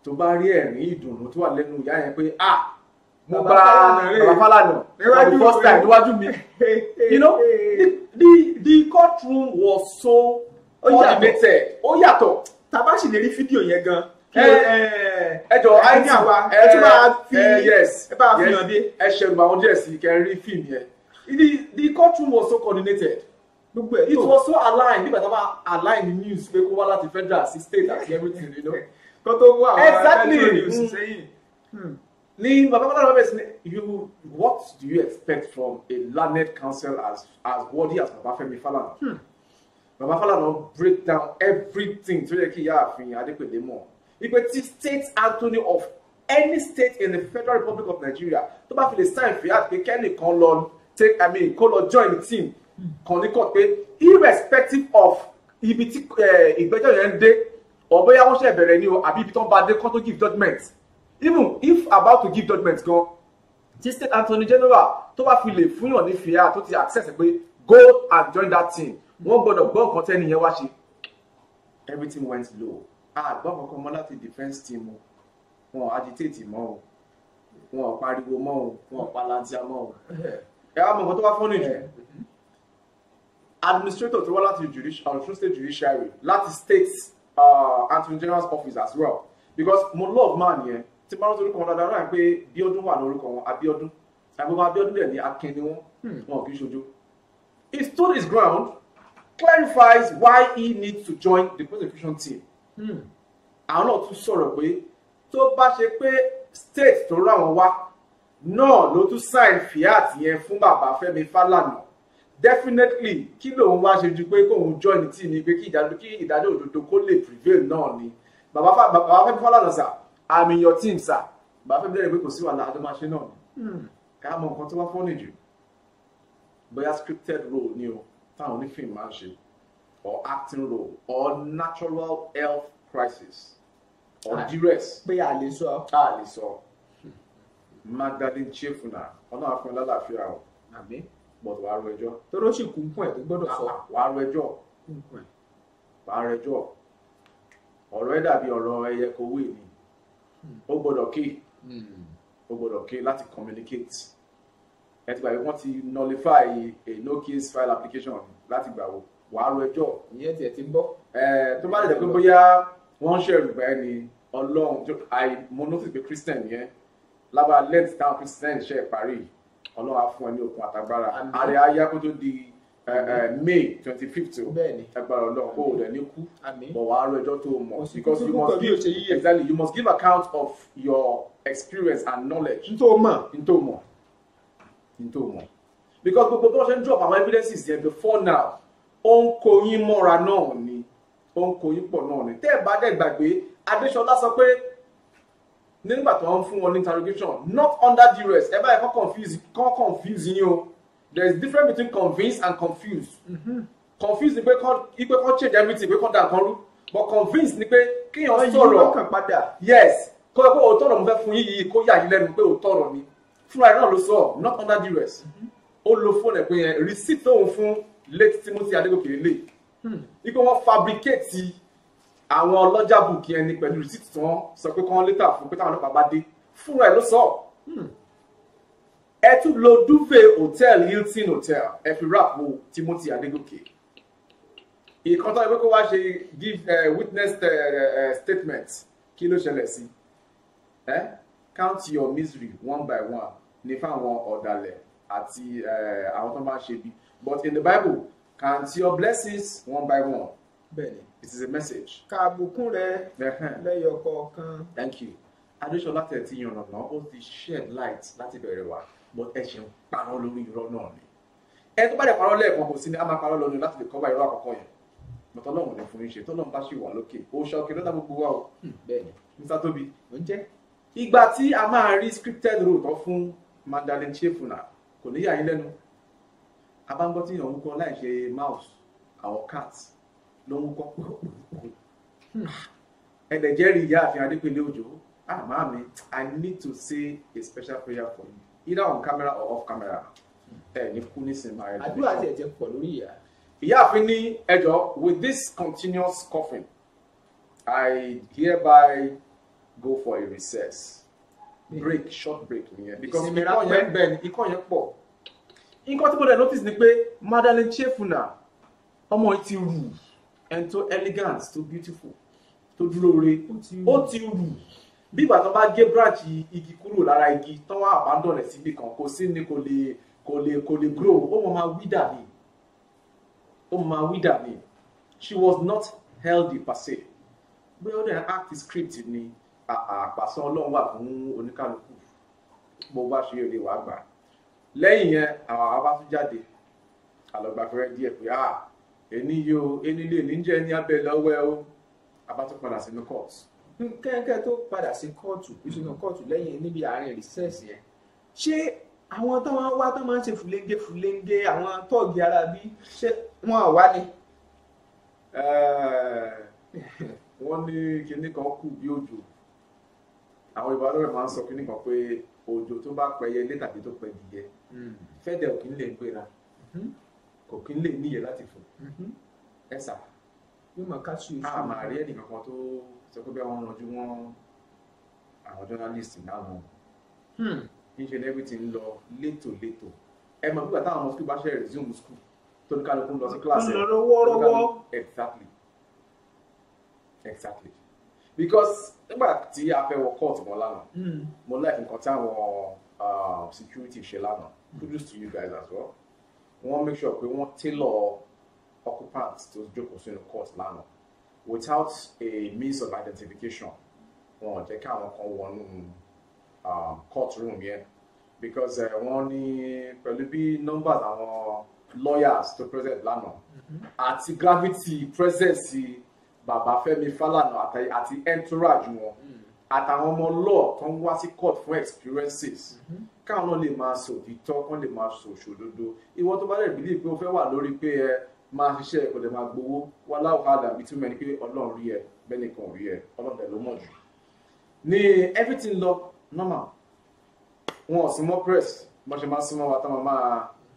tó bá rí ẹ̀rín ìdùnnú tó wà lẹ́nu ìyá yẹn pé ah mo bá bàbá for the first time níwájú mi you know the the courtroom was so coordinated ó yàtọ̀ tàbá sì lè rí fídíò yẹn gan ẹjọ àìní àwa ẹ tún bá fi ẹ bá fi hàn dé. ẹ ṣẹlú àwọn díẹ̀ sí kẹrin fíìmù yẹn the the courtroom was so coordinated gbogbo ẹ it was so aligned nígbà tí wọn bá align the news pé kó wá láti federal sí state àti everything you know kó tó mú àwọn exactly sẹ́yìn. Hmm. ní bàbá bàbá bàbá bẹ̀rẹ̀ sí ni you what do you expect from a learned counsel as as worthy as Babafẹ́mi Falana. Hmm. Baba Falana break down everything tó yẹ kí ìyá àfin Adépèlé mọ̀ ìpè tí state attorney of any state in the Federal Republic of Nigeria tó bá fi lè sign free out pé kẹ́nìkan lọ take i mean kó lọ join the team hmm. kan ní court pé irrespective of ibi tí eh, ìgbẹ́jọ́ yẹn dé or bóyá wọ́n ṣe bẹ̀rẹ̀ ni o àbí ibi tó ń bá dé kó give judgement even if about to give judgement gan tí state attorney general To bá fi lè fúnyàn ní fìyà tó ti access pé go and join that team wọ́n gbọ́dọ̀ gbọ́ nǹkan tẹ́ni yẹn wá ṣe everything went low Ah, àgbọ̀ kankan mọ́ láti defense team o wọn agitate mọ́ o wọn pariwo mọ́ o wọn palantia mọ́ o ẹ wá mọ nǹkan tó wá fún nìyẹn administrator tó wá láti judicial ọ̀ṣun state judiciary láti state uh, anthony general's office as well because mo love man yẹn tí mo bá rántí orúkọ wọn dáadáa ráì pé bíọ́dún wà ní orúkọ wọn abíọ́dún àgbẹ̀wò abíọ́dún dẹ̀ ni akin ni hmm. wọn wọn kì í ṣojú he stood his ground clarifies why he needs to join the prosecution team hmm. àwọn náà tún sọ̀rọ̀ pé tó bá ṣe pé state tó rà wọ́n wá náà ló tún sign fiat yẹn fún bàbá Fẹ́mi Fálànà definitely kí lòun wá ṣe ju pé kóun join tí ni pé kí ìdájọ́ òdodo kó lè prevail náà ni bàbá Fẹ́mi Fálànà sà àmì your team sà bàbá Fẹ́mi lẹ́rìí pé kò sí wàhálà àdómáṣe náà ni hmm. ká mọ nǹkan tó wá fọ́nì jù bóyá scripted role ni o táwọn onífìmù máa ń ṣe or acting role or natural health crisis or ah. duress. pé a lè sọ. a lè sọ. Magdalene Chefuna ọlọ́run afọ ẹ̀ lálàáfíà o. àmín but wàá ro ẹjọ́. tóró sì kún kún ẹ̀ tó gbọ́dọ̀ sọ. Ah, wàá ro ẹjọ́ wàá ro ẹjọ́ ọ̀rọ̀ ẹ̀ dàbí ọ̀rọ̀ ẹyẹ kowé ni hmm. ó gbọ́dọ̀ ké hmm. ó gbọ́dọ̀ ké láti communicate ẹ ti gbà pé wọ́n ti nullify a no case file application láti gbà wò wàá ro ẹjọ́. ìyẹn tiẹ̀ ti ń bọ́. tó bá lè dẹ̀ pé bóyá wọ́n ń ṣẹ̀rù gbà ẹni ọlọ́run mo notice pé christian yẹn lábàá lẹ́ǹtì táwọn christian ṣe é parí yìí ọlọ́run fún ẹ ní okun àtagbára àrẹ ayá kó tó di may twenty fifth o agbára kó o rẹ̀ ní kú bọ̀ wàá rọ ẹjọ́ tó o mọ̀ because you must give exactly you must give account of your experience and knowledge. n tó mọ̀ n tó mọ̀ n tó mọ̀ because gbogbo bí wọ́n ṣe ń drop àwọn evidences yẹn before now ó ń kó yín mọ́ra náà ni ó ń kó yín pọ̀ náà ni tẹ́ bá dẹ̀ gbàgbé Adéṣọlá sọ pé nígbà tó ń fún wọn ní interrogation not under duress ẹ báyìí kọ́ confuse kọ́ confuse yín o there is different between convince and confuse mm-hmm. confuse ni pé kọ́ ipe kọ́ change everything pé kọ́ da nǹkan rú but convince ni pé kéèyàn sọ̀rọ̀ yes kó o pé òótọ́ rọ̀ mo fẹ́ fún yín yìí kó yà yín lẹ́nu pé òótọ́ rọ̀ ni fúnra ẹ̀ náà ló sọ not under duress mhm. ó lo fóònù ẹ̀ pé yẹn receipt tóun fún late Timothy Adégòkè lè ipe wọ́n fabricate àwọn ọlọ́jà bùkì ẹni pẹ̀lú rìsíìtì tí wọ́n sọ pé kán létà fún pé táwọn ọlọ́pàá bá dé fúnra ẹ̀ ló sọ hmm. ẹ tún lo duvet hotel Hilton hotel ẹ fi rap wo Timothy Adégòkè ìkan tó yẹ pé kó wá ṣe give uh, witness uh, uh, statement kí ló ṣẹlẹ̀ sí ẹ count your misery one by one ní fáwọn ọ̀dàlẹ̀ àti àwọn tó máa ṣe bí but in the Bible count your blessings one by one. bẹ́ẹ̀ni it is a message. ka àbùkún rẹ lẹ́yọ kọ̀ọ̀kan. thank you adéṣọlá tẹ̀ ti yànnàná ó ti shed light láti bẹ̀rẹ̀ wá but ẹ ṣe ń parọ́ lórí irọ́ náà ni ẹ tó bá dẹ̀ parọ́ lẹ́ẹ̀kan kò sí ni a máa parọ́ lọ́nu láti lè kọ́ bá irọ́ àkọ́kọ́ yẹn mo tọ́lọ́run lè fún yín ṣe tọ́lọ́run bá ṣì wà lókè ó ṣe ọkẹ́ lọ́dà gbogbo wa o hmm, bẹ́ẹ̀ni níta tóbi ló ń jẹ́ ìgbà tí a máa rí scripted role tán fún Madeleine Chefuna kò níyà yín lẹ́nu a bá ń gbọ́ tí ìyàn ń kọ́ láì ṣe mouse àwọn cats ló ń kọ́ ẹ̀dẹ̀ jẹ́rìí ìyá àfihàn adépínlẹ̀ òjò ah maami i need to say a special prayer for you either on camera or off camera ẹ ní kú nísìnyí máa rẹ lọ. àdúrà tí ẹ jẹ pọ̀ lórí ìyá. ìyáàfin ní ẹjọ́ with this continuous coughing i hereby go for a recess break short break nìyẹn because ikọ́ yẹn bẹ́ẹ̀ ni ikọ́ yẹn pọ̀ nǹkan tí mo dẹ̀ notice ni pé madeleine chefuna ọmọ yìí ti rù. And tó elegant tó beautiful tó dúróore ó ti rù bí ìgbà tó bá gé branch igi kúrò lára igi tó wá abandon rẹ̀ síbi kan kò sí ni kò lè kò lè kò lè grow ó mọ̀ máa wí dà ní ó mọ̀ máa wí dà ní she was not healthy per se bí ó dẹ̀ act script ni àpàsán ọlọ́run wà fún oníkálukú bó bá ṣe èrè wàá gbà lẹ́yìn yẹn àwọn abá tún jáde àlọ́gbàfẹ́rẹ́ díẹ̀ pé ah ẹni yo ẹni lè níjẹ ní abẹ lọ́wọ́ ẹ o abá tó padà sínú kóòtù kẹ́kẹ́ tó padà sí kóòtù ìṣúná kóòtù lẹ́yìn níbi àárín rìsẹ́ẹ̀sì yẹn ṣé àwọn tó máa ń wá tó máa ń ṣe fúlẹ́ńgé fúlẹ́ńgé àwọn tóògì ara bí ṣé wọ́n wá ni. wọ́n ní kinní kan kù bí òjò àwọn ìbáraẹni máa ń sọ kinní kan pé òjò tó bá pẹyẹ ilé tàbí tó pẹ dìyẹ hmm. fẹ́dẹ̀ òkín lè gbéra hmm kò kí n lè níyẹ láti fò mm-hmm. ẹ sà yóò máa ká sí iṣu a máa rí ẹnì kankan tó sọ pé bí wọn ranjú wọn àwọn journalist láwọn hmm. kí n ṣe everything lọ létòlétò ẹ mọ̀ nígbà táwọn ọmọ school bá ṣe resume school tó ní kálukú lọ sí class ẹ lọ exactly exactly because nígbà tí a fẹ́ wọ court mọ́ lánàá hmm. mo láì fi nǹkan táwọn uh, security ṣe lánàá kudos to you guys as well wọ́n make sure pé wọ́n tailor occupants to tó in the court lánàá without a means of identification wọn ò jẹ́ kí àwọn kan wọnú um, court room yẹn because eh, wọ́n ní pẹ̀lú bí numbers àwọn lawyers to present lánàá mm-hmm. àti gravity presence bàbá Fẹ́mi Fálànà àti entourage wọn. Mm -hmm àtàwọn ọmọ law tó ń wá sí court fún experiences mhm. káwọn náà lè máa sọ òtítọ́ kán lè máa sọ òṣòdodo ìwọ tó bá dẹ̀ bílíì pé o fẹ́ wà lórí pé ẹ máa ṣiṣẹ́ kò dẹ̀ máa gbowó wà láwùjọ àbí tí mẹ́ni pé ọlọ́run rí ẹ bẹ́ẹ̀ nìkan rí ẹ ọlọ́run dẹ̀ ló mọ̀ jù ní everything lọ normal wọn ò sí mọ́ press bọ́n ṣe máa ń súnmọ́ wa táwọn máa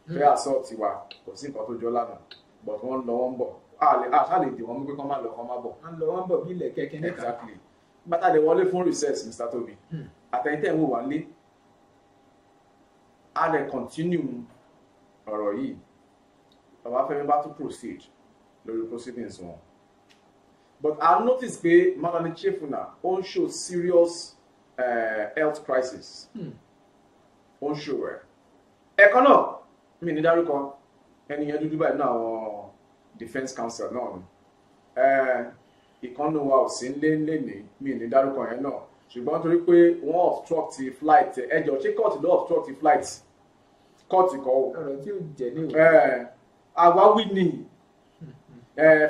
mm. fẹ́ àsọ́ọ̀tì wa kò sí nǹkan tó jọ lánàá but wọ́n lọ wọ́n bọ̀ àṣà lè dè wọ́n mú pé kán má lọ kán má bọ̀. wọ́n lọ wọ́n bọ̀ bí ilẹ̀ kẹ́kẹ́ níta. exactly bàtà lè wọlé fún recess Mr Tobi hmm. àtẹ̀yìntẹ̀ ń wò wá lé a lè continue ọ̀rọ̀ yìí Babafẹ́mi bá tún proceed lórí proceedings wọn but I notice pé Madam Chefuna ó ń show serious uh, health crisis hmm. ó ń show ẹ̀ ẹ̀kọ́ náà mi ní dárúkọ ẹni yẹn dúdú báyìí náà àwọn defence Council. náà ni. Eh, ìkànnì wa ò sí nílé lẹ́nìí mi ní dárúkọ yẹn náà ṣùgbọ́n torí pé wọ́n obstruct flight ẹjọ́ ṣé court ló obstruct flight court kọ́ o. ọ̀rọ̀ tí ò jẹ́ ní òkú. àwa wí ni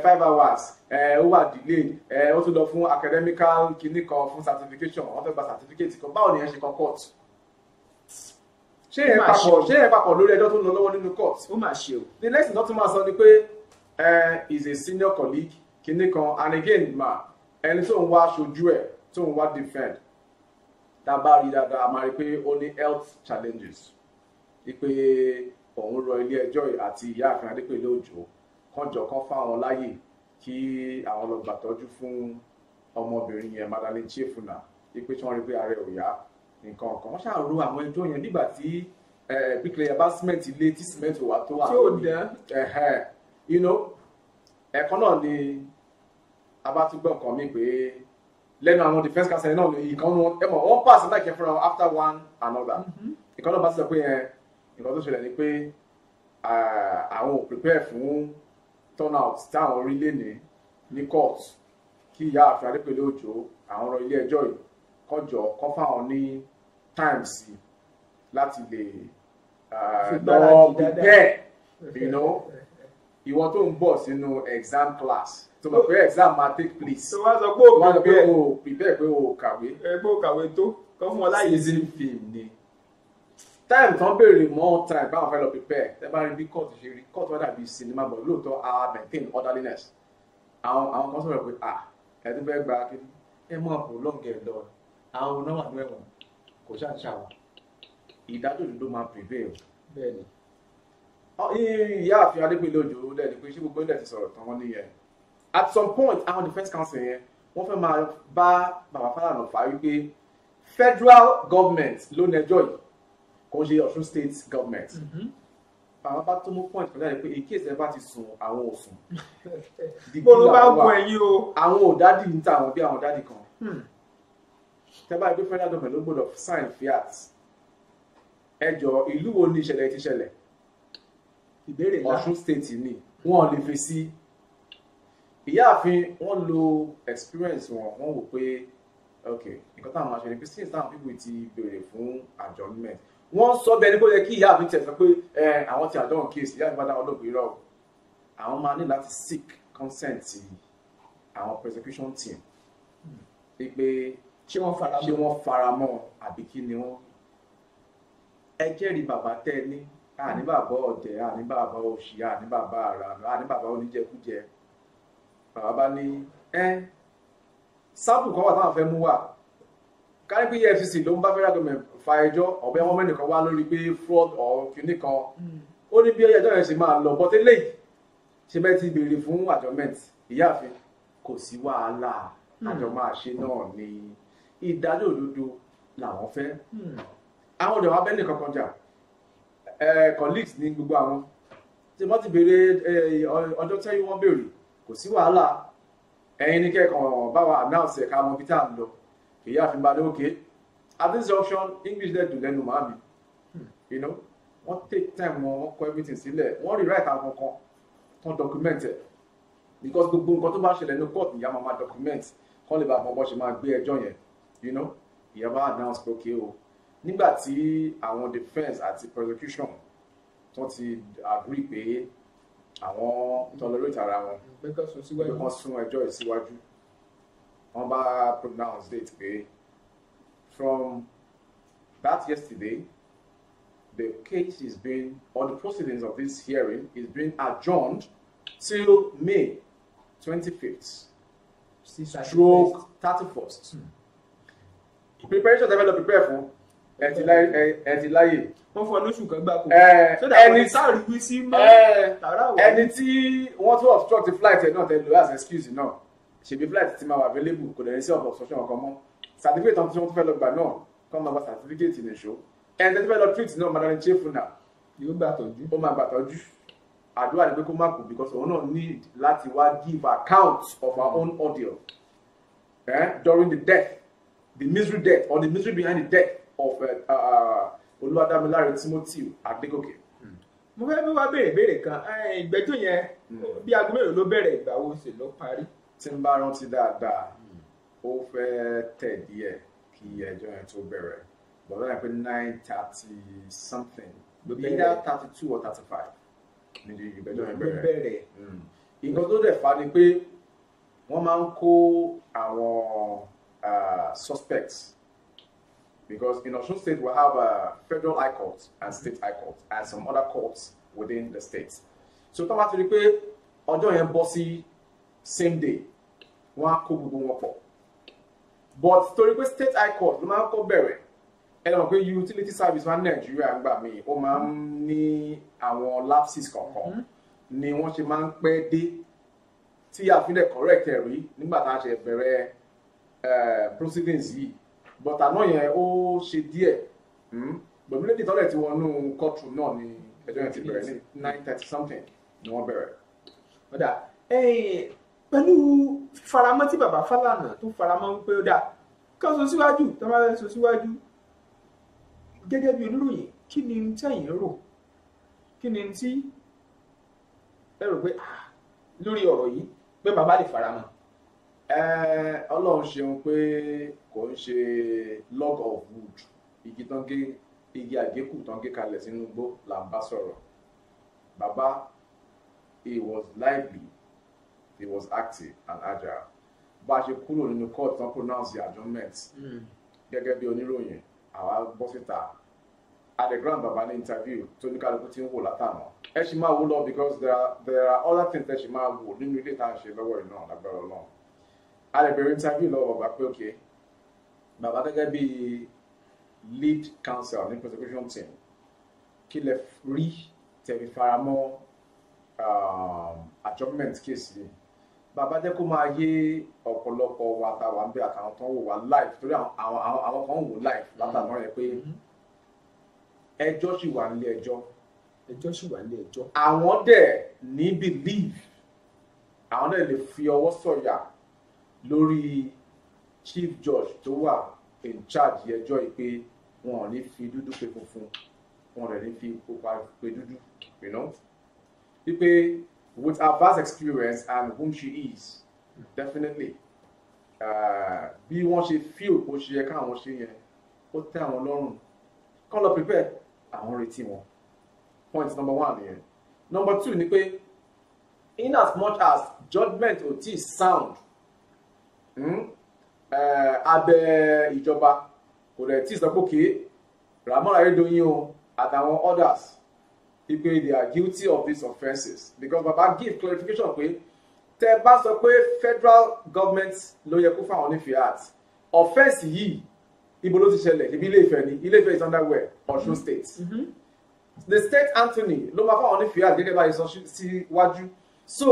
five hours ó wà delayed. ó tún lọ fún academical kinní kan fún certification wọ́n fẹ́ gba certificate kan báwo ni ẹ ṣe kan court ṣé ẹ papọ̀ ṣé ẹ papọ̀ lórí ẹjọ́ tó ń lọ lọ́wọ́ nínú court. ó mà ṣe o. the next thing tó tún máa sọ ni pé he is a senior colleague kinní kan and again ma ẹni tó ń wá aṣojú ẹ̀ tó ń wá defend tá a bá rí dáadáa a máa rí pé ó ní health challenges ipe òun rọ ilé ẹjọ́ àti ìyá àfin adépèlé òjò kànjọ kan fáwọn láàyè kí àwọn lọ gbàtọ́jú fún ọmọbìnrin yẹn madalin chefuna ipe tí wọ́n rí pé ààrẹ ò yá nǹkan kan wọ́n ṣáà ro àwọn ẹjọ́ yẹn nígbà tí bricklayer bá cement ilé tí cement wà tó wà lórí ẹ̀hẹ́ ẹ̀kan náà ni a bá tún gbọ́ nǹkan mi pé lẹ́nu àwọn defence counsel náà ìkànnì ẹ mọ̀ wọ́n pass náà kẹfún ra after one another mm-hmm. ìkànnì bá ti sọ pé yẹn nǹkan tó ṣẹlẹ̀ ni pé àwọn ò prepare fún turnout táwọn orílẹ̀ ní ní court kí ìyá àfin adépẹ̀lẹ̀ òjò àwọn ọ̀rọ̀ ilé ẹjọ́ yìí kọjọ kọ́ fáwọn ní time sí láti lè lọ́ọ́ bí bẹ́ẹ̀ you know ìwọ tó ń bọ̀ sínú exam class tó mọ̀ oh. pé exam máa take place tó wá sọ pé o kàwé pé o prepare pé o kàwé pé o kàwé tó kọ́ fún ọ láyé season film ni time tán béèrè mọ́ time báwọn fẹ́ lọ prepare tẹ́ bá rí bí court ṣe rí court wọ́n dàbí cinema but lóòótọ́ our maintain orderliness àwọn àwọn kan sọ̀rọ̀ pé ah ẹ̀dú fẹ́ gba akéde ẹ mọ̀ kó lọ́ǹgẹ̀ lọ àwọn nọ́mbà tó ẹ̀wọ̀n kò ṣàṣà ìdájọ́ òdodo máa prevail bẹ́ẹ̀ ni ìyá àfihàn adépínlẹ̀ òjò dẹ̀ ni pé ṣé gbogbo ilẹ̀ ti sọ̀rọ̀ tán wọ́n nìyẹn at some point àwọn defence council yẹn wọ́n fẹ́ máa bá bàbá Fálànà fà wípé federal government ló nẹjọ́ yìí kò ń ṣe Ọ̀ṣun state government mm-hmm. bàbá bá tó mú point kọjá yẹn pé èké ìṣẹ́ bá ti sùn àwọn ò sùn bọ́lú (laughs) bá wọ ẹ̀yìn o àwọn ò dádì ń ta àwọn bí àwọn dádì kan hmm. tẹ́bá ìgbé federal government ló gbọ́dọ̀ sign fiat ẹjọ́ ìlú wo ni ìṣẹ̀lẹ̀ ti ṣẹlẹ̀ ìbéèrè ńlá Ọ̀ṣun state ni wọn lè fèsì ìyáàfin wọn lo experience wọn wọn wò pé ok nǹkan táwọn aṣọ ni pé since táwọn people ti béèrè fún adjournment wọn sọ bẹ́ẹ̀ ni kó yẹ kí ìyáàfin tẹ sọ pé ẹ àwọn ti adjourn case ìyáàfin bá dáwọn lóògùn irọ́ àwọn máa ní láti seek consent àwọn prosecution team pé ṣé wọ́n fara mọ́ àbí kí ni wọ́n ẹ jẹ́rìí bàbá tẹ́ ẹ ní àní bàbá ọ̀tẹ̀ àní bàbá òṣì àní bàbá àrànà àní bàbá oníjẹkújẹ bàbá bá ní ẹ sáàpù kan wà táwọn fẹ́ mú wà kárí pé EFCC ló ń bá federal government fa ẹjọ́ ọ̀bẹ wọn mẹ́nìkan wá lórí pé fraud or kìíní kan hmm. ó ní bí ẹjọ́ yẹn ṣe máa lọ bọ́tẹ́ lẹ́yìn ṣe bẹ́ẹ̀ ti béèrè fún adjournment ìyáàfin kò sí wàhálà hmm. àjọ máa ṣe náà ni ìdájọ́ òdodo làwọn fẹ́ hmm. àwọn ọ̀dọ́ wa nìkan kan jà colleagues ní gbogbo àwọn tí wọ́n ti béèrè ọjọ́ tẹ́yìn wọ́n béèrè kò sí wàhálà ẹ̀yin ní kẹ́kọ̀ọ́ bá wa announce ẹ̀ka ọmọ bíi tá à ń lọ èyí àfihàn balẹ̀ òkè at this option english dẹ̀ dùn lẹ́nu màmí you know wọ́n take time wọn wọ́n kọ everything sílẹ̀ wọ́n rewrite àwọn kankan wọ́n document ẹ̀ because gbogbo nǹkan tó bá ṣẹlẹ̀ ní court ìyá máa ma document kọ́ lè bá àwọn ọmọ ṣe máa gbé ẹjọ́ yẹn you know ìyá bá announce pé okay o. Oh, nígbà tí àwọn defence àti prosecution tó ti agree pé àwọn tolerate ara wọn pé kán sún ẹjọ́ yìí síwájú wọ́n bá pronounce date pé from that yesterday the case is being or the proceedings of this hearing is being adjourned till May twenty-fifth stroke thirty-first. Hmm. preparation tẹ́fẹ́ lọ prepare fún ẹ ti láyè. wọ́n fọ lóṣù kan gbáko. ẹni sáàrìwí sí máa tààrà wọ̀. ẹni tí wọ́n tún obstruct flight ẹ̀ náà tẹ̀ lò as excuse náà ṣèbí flight ti máa wà available kò lè sí ọ̀pọ̀ obstruction ọ̀kan mọ́ certificate tó ń tún fẹ́ lọ gbà náà kọ́ máa gba certificate nìṣó ẹni tẹ́tí fẹ́ lọ treat náà madam chefu na yóò gbà tọ́jú ó máa gbà tọ́jú àdúrà ni pé kó má kù because òun náà need láti wá give account of our own audio. eh? during the death the misery death or the misery behind the death Prophet Olúwadámiláre Timothy Adégòkè hmm. mo fẹ́ bí wàá béèrè ìbéèrè kan ìgbẹ́jọ́ yẹn hmm. bí aago mélòó ló bẹ̀rẹ̀ ìgbà wo ló parí. tí n bá rántí dáadáa hmm. ó fẹ́ tẹ̀ díẹ̀ kí ẹjọ́ yẹn tó bẹ̀rẹ̀ bọ̀dọ̀ náà pé nine thirty something either thirty two or thirty five ni ìgbẹ́jọ́ yẹn bẹ̀rẹ̀ nǹkan tó dẹ̀ fa ni pé wọ́n máa ń kó àwọn suspects Because in Osun State, we have a uh, federal high court and state high court, and some other courts within the state. So tó bá ti rí pé ọjọ́ yẹn bọ́ sí same day, wọ́n á kó gbogbo wọn pọ̀. But torí pé state high court ló máa ń kọ́ bẹ̀rẹ̀, ẹ lọ pé utility service wa Nàìjíríà gbà mí, ó máa ń ní àwọn lapses kọ̀ọ̀kan mm-hmm. ni wọ́n ṣe máa ń pẹ́ dé tí àfihàn correct ẹ̀ rí nígbà tá a ṣe bẹ̀rẹ̀ eh, proceedings yìí but àná yẹn ó ṣe díẹ̀ gbòmílédì hmm? tọ́lẹ̀ tí wọ́n nú kọ́tù náà ní ẹjọ́ yẹn ti bẹ̀rẹ̀ ní nine thirty something ni wọ́n bẹ̀rẹ̀. ọ̀dà pẹ̀lú faramọ́ tí bàbá Fálànà tó faramọ́ ń pé ó dà ká sọ síwájú tá a bá fẹ́ sọ síwájú gẹ́gẹ́ bí oníròyìn kí ni tẹ̀yìn rò kí ni tí ẹ rò pé ah, lórí ọ̀rọ̀ yìí pé bàbá lè faramọ́ ọlọ́run ṣeun pé kò ń ṣe log of wood igi tán gé igi àgékù tán gé kalẹ̀ sínú igbó là ń bá sọ̀rọ̀ Baba, he was lively he was active and agile bá a ṣe kúrò nínú court tán pronounce the adjournment hmm. gẹ́gẹ́ bí oníròyìn àwa bọ́ síta at the ground bàbá ní interview tó ní kálukú ti ń wò látàná ẹ ṣì máa wò lọ because there are there are other things ẹ ṣì máa wò nínú ilé tá à ń ṣe lọ́wọ́ yìí náà lágbára ọlọ́run a lè bẹ̀rẹ̀ interview lọ́wọ́ bàbá pé ok bàbá gẹ́gẹ́ bí lead counsel ní prosecution team kí lè rí tẹ̀mí faramọ́ um, adjournment case yìí bàbá jẹ́ kó máa yé ọ̀pọ̀lọpọ̀ wa táwa ń bẹ àtàwọn tó ń wò wá live torí àwọn kan ń wò live mm-hmm. látàná yẹn pé mm-hmm. ẹjọ́ sì wà nílé ẹjọ́ ẹjọ́ sì wà nílé ẹjọ́ àwọn dẹ̀ ní believe àwọn dẹ̀ lè fi ọwọ́ sọ̀yà lórí chief judge tó wà in charge ẹjọ́ yìí pé wọn ò ní fi dúdú pe funfun wọn ò ní fi pupa pe dúdú you know wípé with her vast experience and whom she is definitely uh, bí wọ́n ṣe fí òpó ṣe yẹ káwọn ṣe yẹn ó tẹ́ àwọn lọ́rùn kán lọ prepare àwọn retí wọn point number one nìyẹn number two ni pé in as much as judgment ò tí sound Hmm? Eh, abẹ́ ìjọba kò dẹ̀ tí ì sọ pé kí Ramon Ayédoyin o àtàwọn others pé they are guilty of these offences because baba give clarification pé tẹ bá sọ pé federal government ló yẹ kó fáwọn onífẹ̀ẹ́ art offence yìí ibo ló ti ṣẹlẹ̀ ibi ilé Ifẹ̀ ni ilé Ifẹ̀ is under where Ọ̀ṣun state mm the state Anthony ló máa fáwọn onífẹ̀ẹ́ art gẹ́gẹ́ bá a sọ síwájú so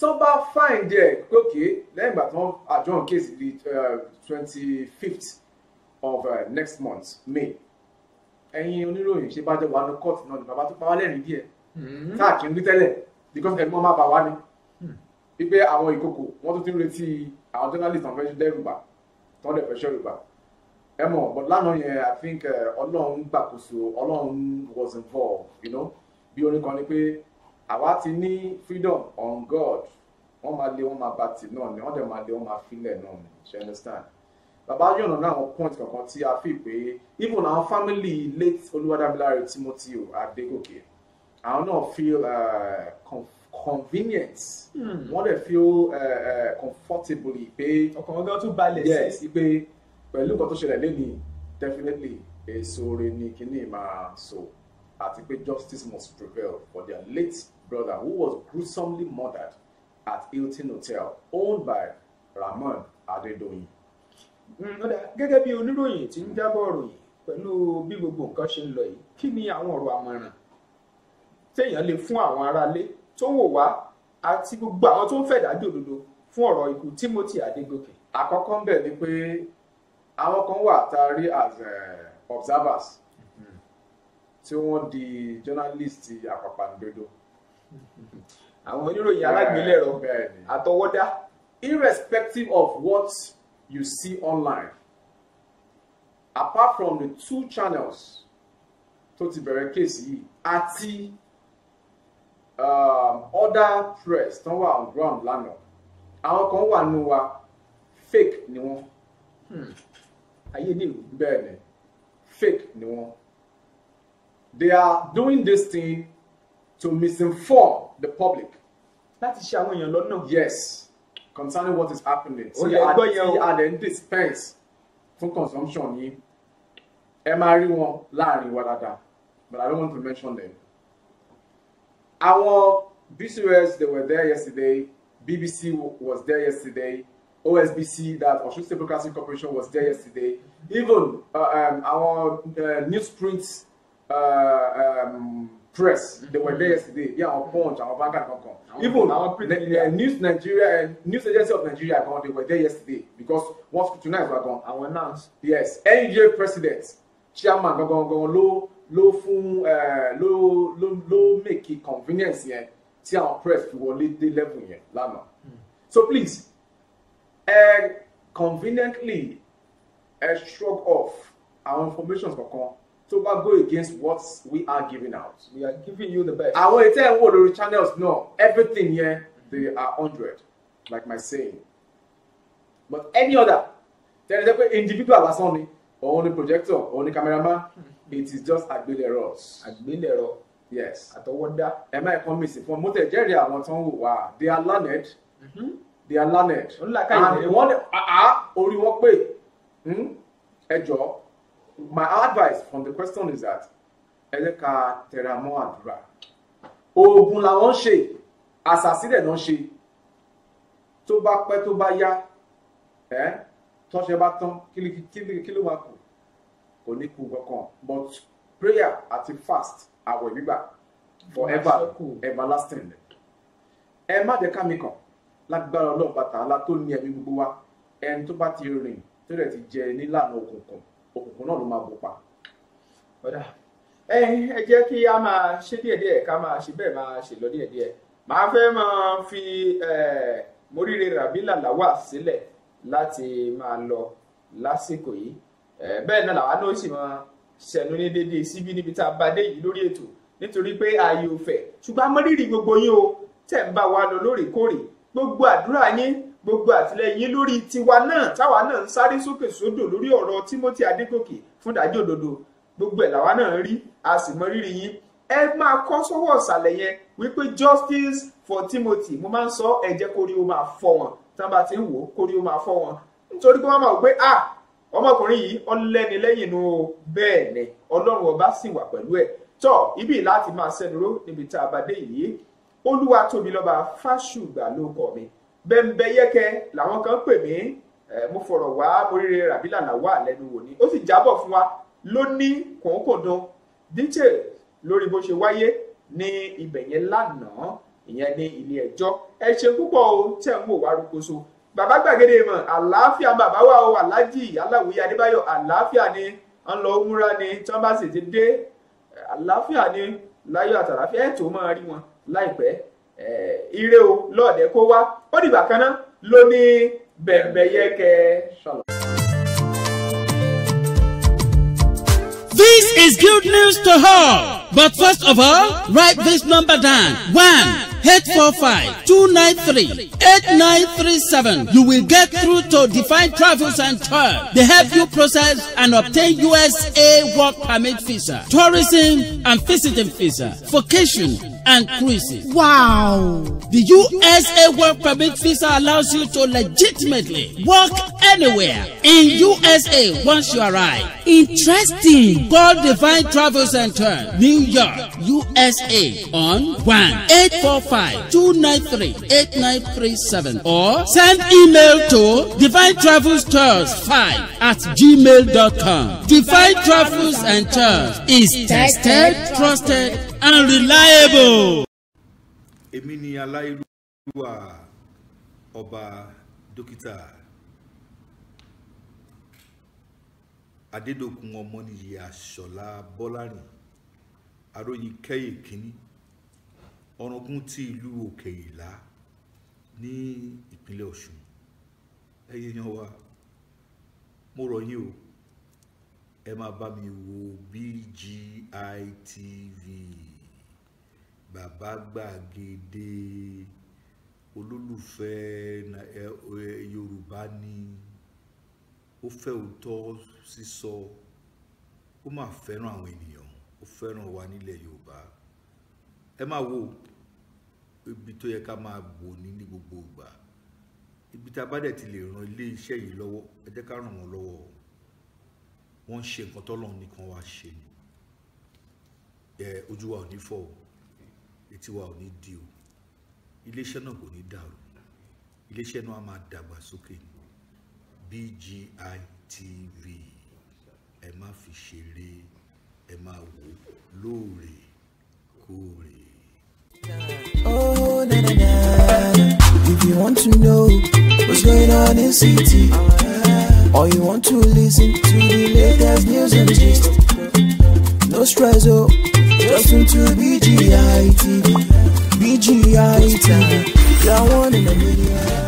tó bá find ẹ̀ gòkè lẹ́yìn ìgbà tó adjourn ah, case di uh, twenty fifth of uh, next month May ẹ̀yin oníròyìn ṣe bá jọ wà ní court náà ni bàbá tó pa wá lẹ́rìn díẹ̀ hmm. káàkiri wí tẹ́lẹ̀ because ẹ̀gbọ́n má bà wá ni hmm. wípé àwọn ìkòkò wọ́n tún ti ń retí àwọn journalist àwọn fẹ́ẹ́ dẹ́rù bà tọ́lẹ̀ fẹ́ ṣọ́rù bà ẹ mọ̀ but lánàá yẹn I think uh, ọlọ́run gbàkóso ọlọ́run was involved you know bí orin kan ni pé àwa ti ní freedom on God wọ́n máa lé wọ́n máa bá tì náà ni wọ́n dẹ̀ máa lé wọ́n máa filẹ̀ náà ni you understand bàbá yọ̀nà náà àwọn point kankan tí a fi pé even àwọn family late olúwadámiláre timothy adégòkè àwọn náà feel uh, comfortable convenience mm. wọ́n dẹ̀ feel uh, uh, comfortably pé ọkàn ọgá tún balẹ̀ sí yes pé pẹ̀lú nǹkan tó ṣẹlẹ̀ lẹ́nìí definitely èso rẹ̀ ni kíní máa so àti pé justice must prevail for their late brother who was gruesomely murdered at Hilton Hotel owned by Ramon Adedoyin. Hmm, gẹ́gẹ́ bí oníròyìn tí ń jábọ̀ ròyìn pẹ̀lú bí gbogbo nǹkan ṣe ń lọ yìí kí ni àwọn ọ̀rọ̀ àmọ̀ràn téèyàn lè fún àwọn aráalé tó wò wá àti gbogbo àwọn tó ń fẹ̀dájú òdodo fún ọ̀rọ̀ ikú Timothy Adégòkè. àkọ́kọ́ ń bẹ̀ ni pé àwọn kan wà tá as eh, observers hmm, tí wọ́n di journalist àpàpàǹdodo àwọn oníròyìn alágbélẹ̀rọ àtọwọ́dá irrespective of what you see online apart from the two channels tó ti bẹ̀rẹ̀ kéèsì yìí àti um, other press tó wà on ground lánàá àwọn kan wà nù wa fake ni wọ́n hmm. ayé ní ìlú bẹ́ẹ̀ ni fake ni wọ́n they are doing this thing to misinform the public. láti ṣe àwọn èèyàn lọ́nà. yes concerning what is happening. ó lè gbọ́ yẹn o. tí a lè ń dispense fún consumption yìí ẹ máa rí wọn láàrin wa dáadáa but I don't want to mention them. àwọn BCOS they were there yesterday BBC was there yesterday OSBC that Osun State Broadcasting Corporation was there yesterday even uh, um, our uh, newsprint uh, um, press mm -hmm. they were there yesterday Yeah, àwọn punch àwọn vanguard kankan even the uh, news nigeria uh, news agency of nigeria gan they were there yesterday because one tonight wa gone. àwọn announce. yes nja president chairman gangan gangan ló ló fún ló ló ló make convenience yẹn tí àwọn press fi wọlé dé level yẹn lánàá hmm. so please uh, conveniently uh, shrug off àwọn information kankan tó bá go against what we are giving out. we are giving you the best. àwọn ètò ẹ̀ ń wò lórí channels náà everything yẹn they are hundred like my saying but any other tẹ́lẹ̀ jẹ́ pé individual lásán ni òun ni projector òun ni cameraman it is just àgbélẹ̀rọ. àgbélẹ̀rọ. yes àtọwọ́dá. ẹ má ẹ̀kọ́ mi sí fún ọ mo tẹ̀ jẹ́rìí àwọn tó ń wò wá they are learned. Mm-hmm. they are learned. ó ń là káyọ̀ ẹ̀ wọ́n ní orí wọn pé hmm? ẹjọ́ my advice from the question is that ẹ jẹ́ ká tẹra mọ́ àdúrà oògùn làwọn ń ṣe àṣàsílẹ̀ náà ń ṣe tó bá pẹ́ tó bá yá ẹ́ tọ́ṣẹ́ bá tán kí ló máa kù kò ní kú kankan but prayer àti fast àwẹ̀ gbígbà forever everlasting ẹ má jẹ́ ká mi kàn lágbára ọlọ́ọ̀bàtà ńlá tó ní ẹ̀mí gbogbo wa ẹni tó bá ti rìn tó rẹ̀ ti jẹ nílànà òkùnkùn òkùnkùn náà ló máa bò pa. ẹ ẹ jẹ́ kí a máa ṣe díẹ̀díẹ̀ ká máa ṣe bẹ́ẹ̀ máa ṣe lọ díẹ̀díẹ̀ màá fẹ́ máa fi moríire Rabila Lawal sílẹ̀ láti máa lọ lásìkò yìí bẹ́ẹ̀ náà làwa náà sì máa ṣẹ̀nu ní dédé síbí níbi tá a bá dé yìí lórí ètò nítorí pé ààyè ò fẹ̀ ṣùgbọ́n amọ́rírì gbogbo yín o tẹ̀ ń bá wa lọ lóòrèkóòrè gbogbo àdúrà yín gbogbo àtìlẹyìn lórí tiwa náà táwa náà ń sáré sókè sódò lórí ọ̀rọ̀ Timothy Adégòkè fúndájọ́ òdodo gbogbo ẹ̀ làwa náà rí a sì mọ rírì yín ẹ máa kọ́ sọ́wọ́ ọ̀sàlẹ̀ yẹn wípé justice for Timothy mo máa ń sọ ẹ jẹ́ kórí o máa fọ́ wọn tán bá ti ń wò ó kórí o máa fọ́ wọn nítorí pé wọ́n máa wò pé ah ọmọkùnrin yìí ọlẹ́ni lẹ́yìn inú bẹ́ẹ̀ ni ọlọ́run ọba sì wà pẹ̀lú ẹ̀ tọ́ ibi láti máa sẹ́nuró níbi tá a bá dé yìí olúwa tóbi lọ́ba fáṣùgbà ló kọ́ mi bẹ́ńbẹ́yẹ́kẹ́ làwọn kan pè mí mo fọ̀rọ̀ wá oríire Rabiu Lawal lẹ́nu wò ni ó sì jábọ̀ fún wa ló ní kòńkòdùn detail lórí bó ṣe wáyé ní ibẹ̀ yẹn lánàá ìyẹn ní ilé ẹjọ́ ẹ ṣe púpọ̀ o tẹ̀ ń wò wá rúkoṣo bàbá gbàgede mọ̀ àlàáfíà bàbá wa o aláàjì aláwòye adébáyọ̀ àlàáfíà ni ń lọ múra ni tí wọ́n bá sì ti dé àlàáfíà ni láyọ̀ àtàlàáfíà ẹ̀ tó máa rí wọn láìpẹ́ Eh, ire o lọ́ọ̀dẹ kó wá ó dìgbà kan náà ló ní bẹ̀m̀bẹ̀yẹkẹ ṣọlọ. This is good news to her, But first of all, write this number down. One eight four five two nine three eight nine three seven. You will get through to Defined Travels and Tours. They help you process and obtain USA work permit visa, tourism and visiting visa, vacation and cruises. Wow! The USA work permit visa allows you to legitimately work anywhere in USA once you arrive. Interesting! Call Divine and Center, New York, USA on one eight four five five two nine three eight nine three seven or send email to divine travels tours five at gmail dot com. Divine Travels and Tours is tested, trusted and reliable. Èmi ni Aláyélúwà ọba dókítà Adédòkun Ọmọnìyí Àṣọlá aróyin kẹ́yìn kínní ọ̀ràngún ti ìlú òkè ìlà ní ìpínlẹ̀ ọ̀ṣun ẹ̀yin èèyàn wa mo rọ̀ yín o ẹ máa bá mi wo BGI TV bàbá gbàgede olólùfẹ́ yorùbá ni ó fẹ́ òótọ́ sísọ ó máa fẹ́ràn àwọn ènìyàn ó fẹ́ràn wa nílẹ̀ yorùbá ẹ máa wo ibi tó yẹ ká máa bò ní ní gbogbo ìgbà ibi tá a bá dẹ̀ ti lè ran ilé iṣẹ́ yìí lọ́wọ́ ẹ jẹ́ ká ràn wọ́n lọ́wọ́ wọ́n ṣe nǹkan tọ́lọ́run nìkan wá ṣe ni ẹ ojú wa ò ní fọ́ o etí wa ò ní di o iléeṣẹ́ náà kò ní dàrú iléeṣẹ́ náà á máa dàgbà sókè ni BGI TV ẹ má fi ṣeré ẹ máa wò lóòrèkóòrè. Oh, na na na. If you want to know what's going on in city, or you want to listen to the latest news and gist, no stress, oh, just into BGI TV. BGI you're one in a million.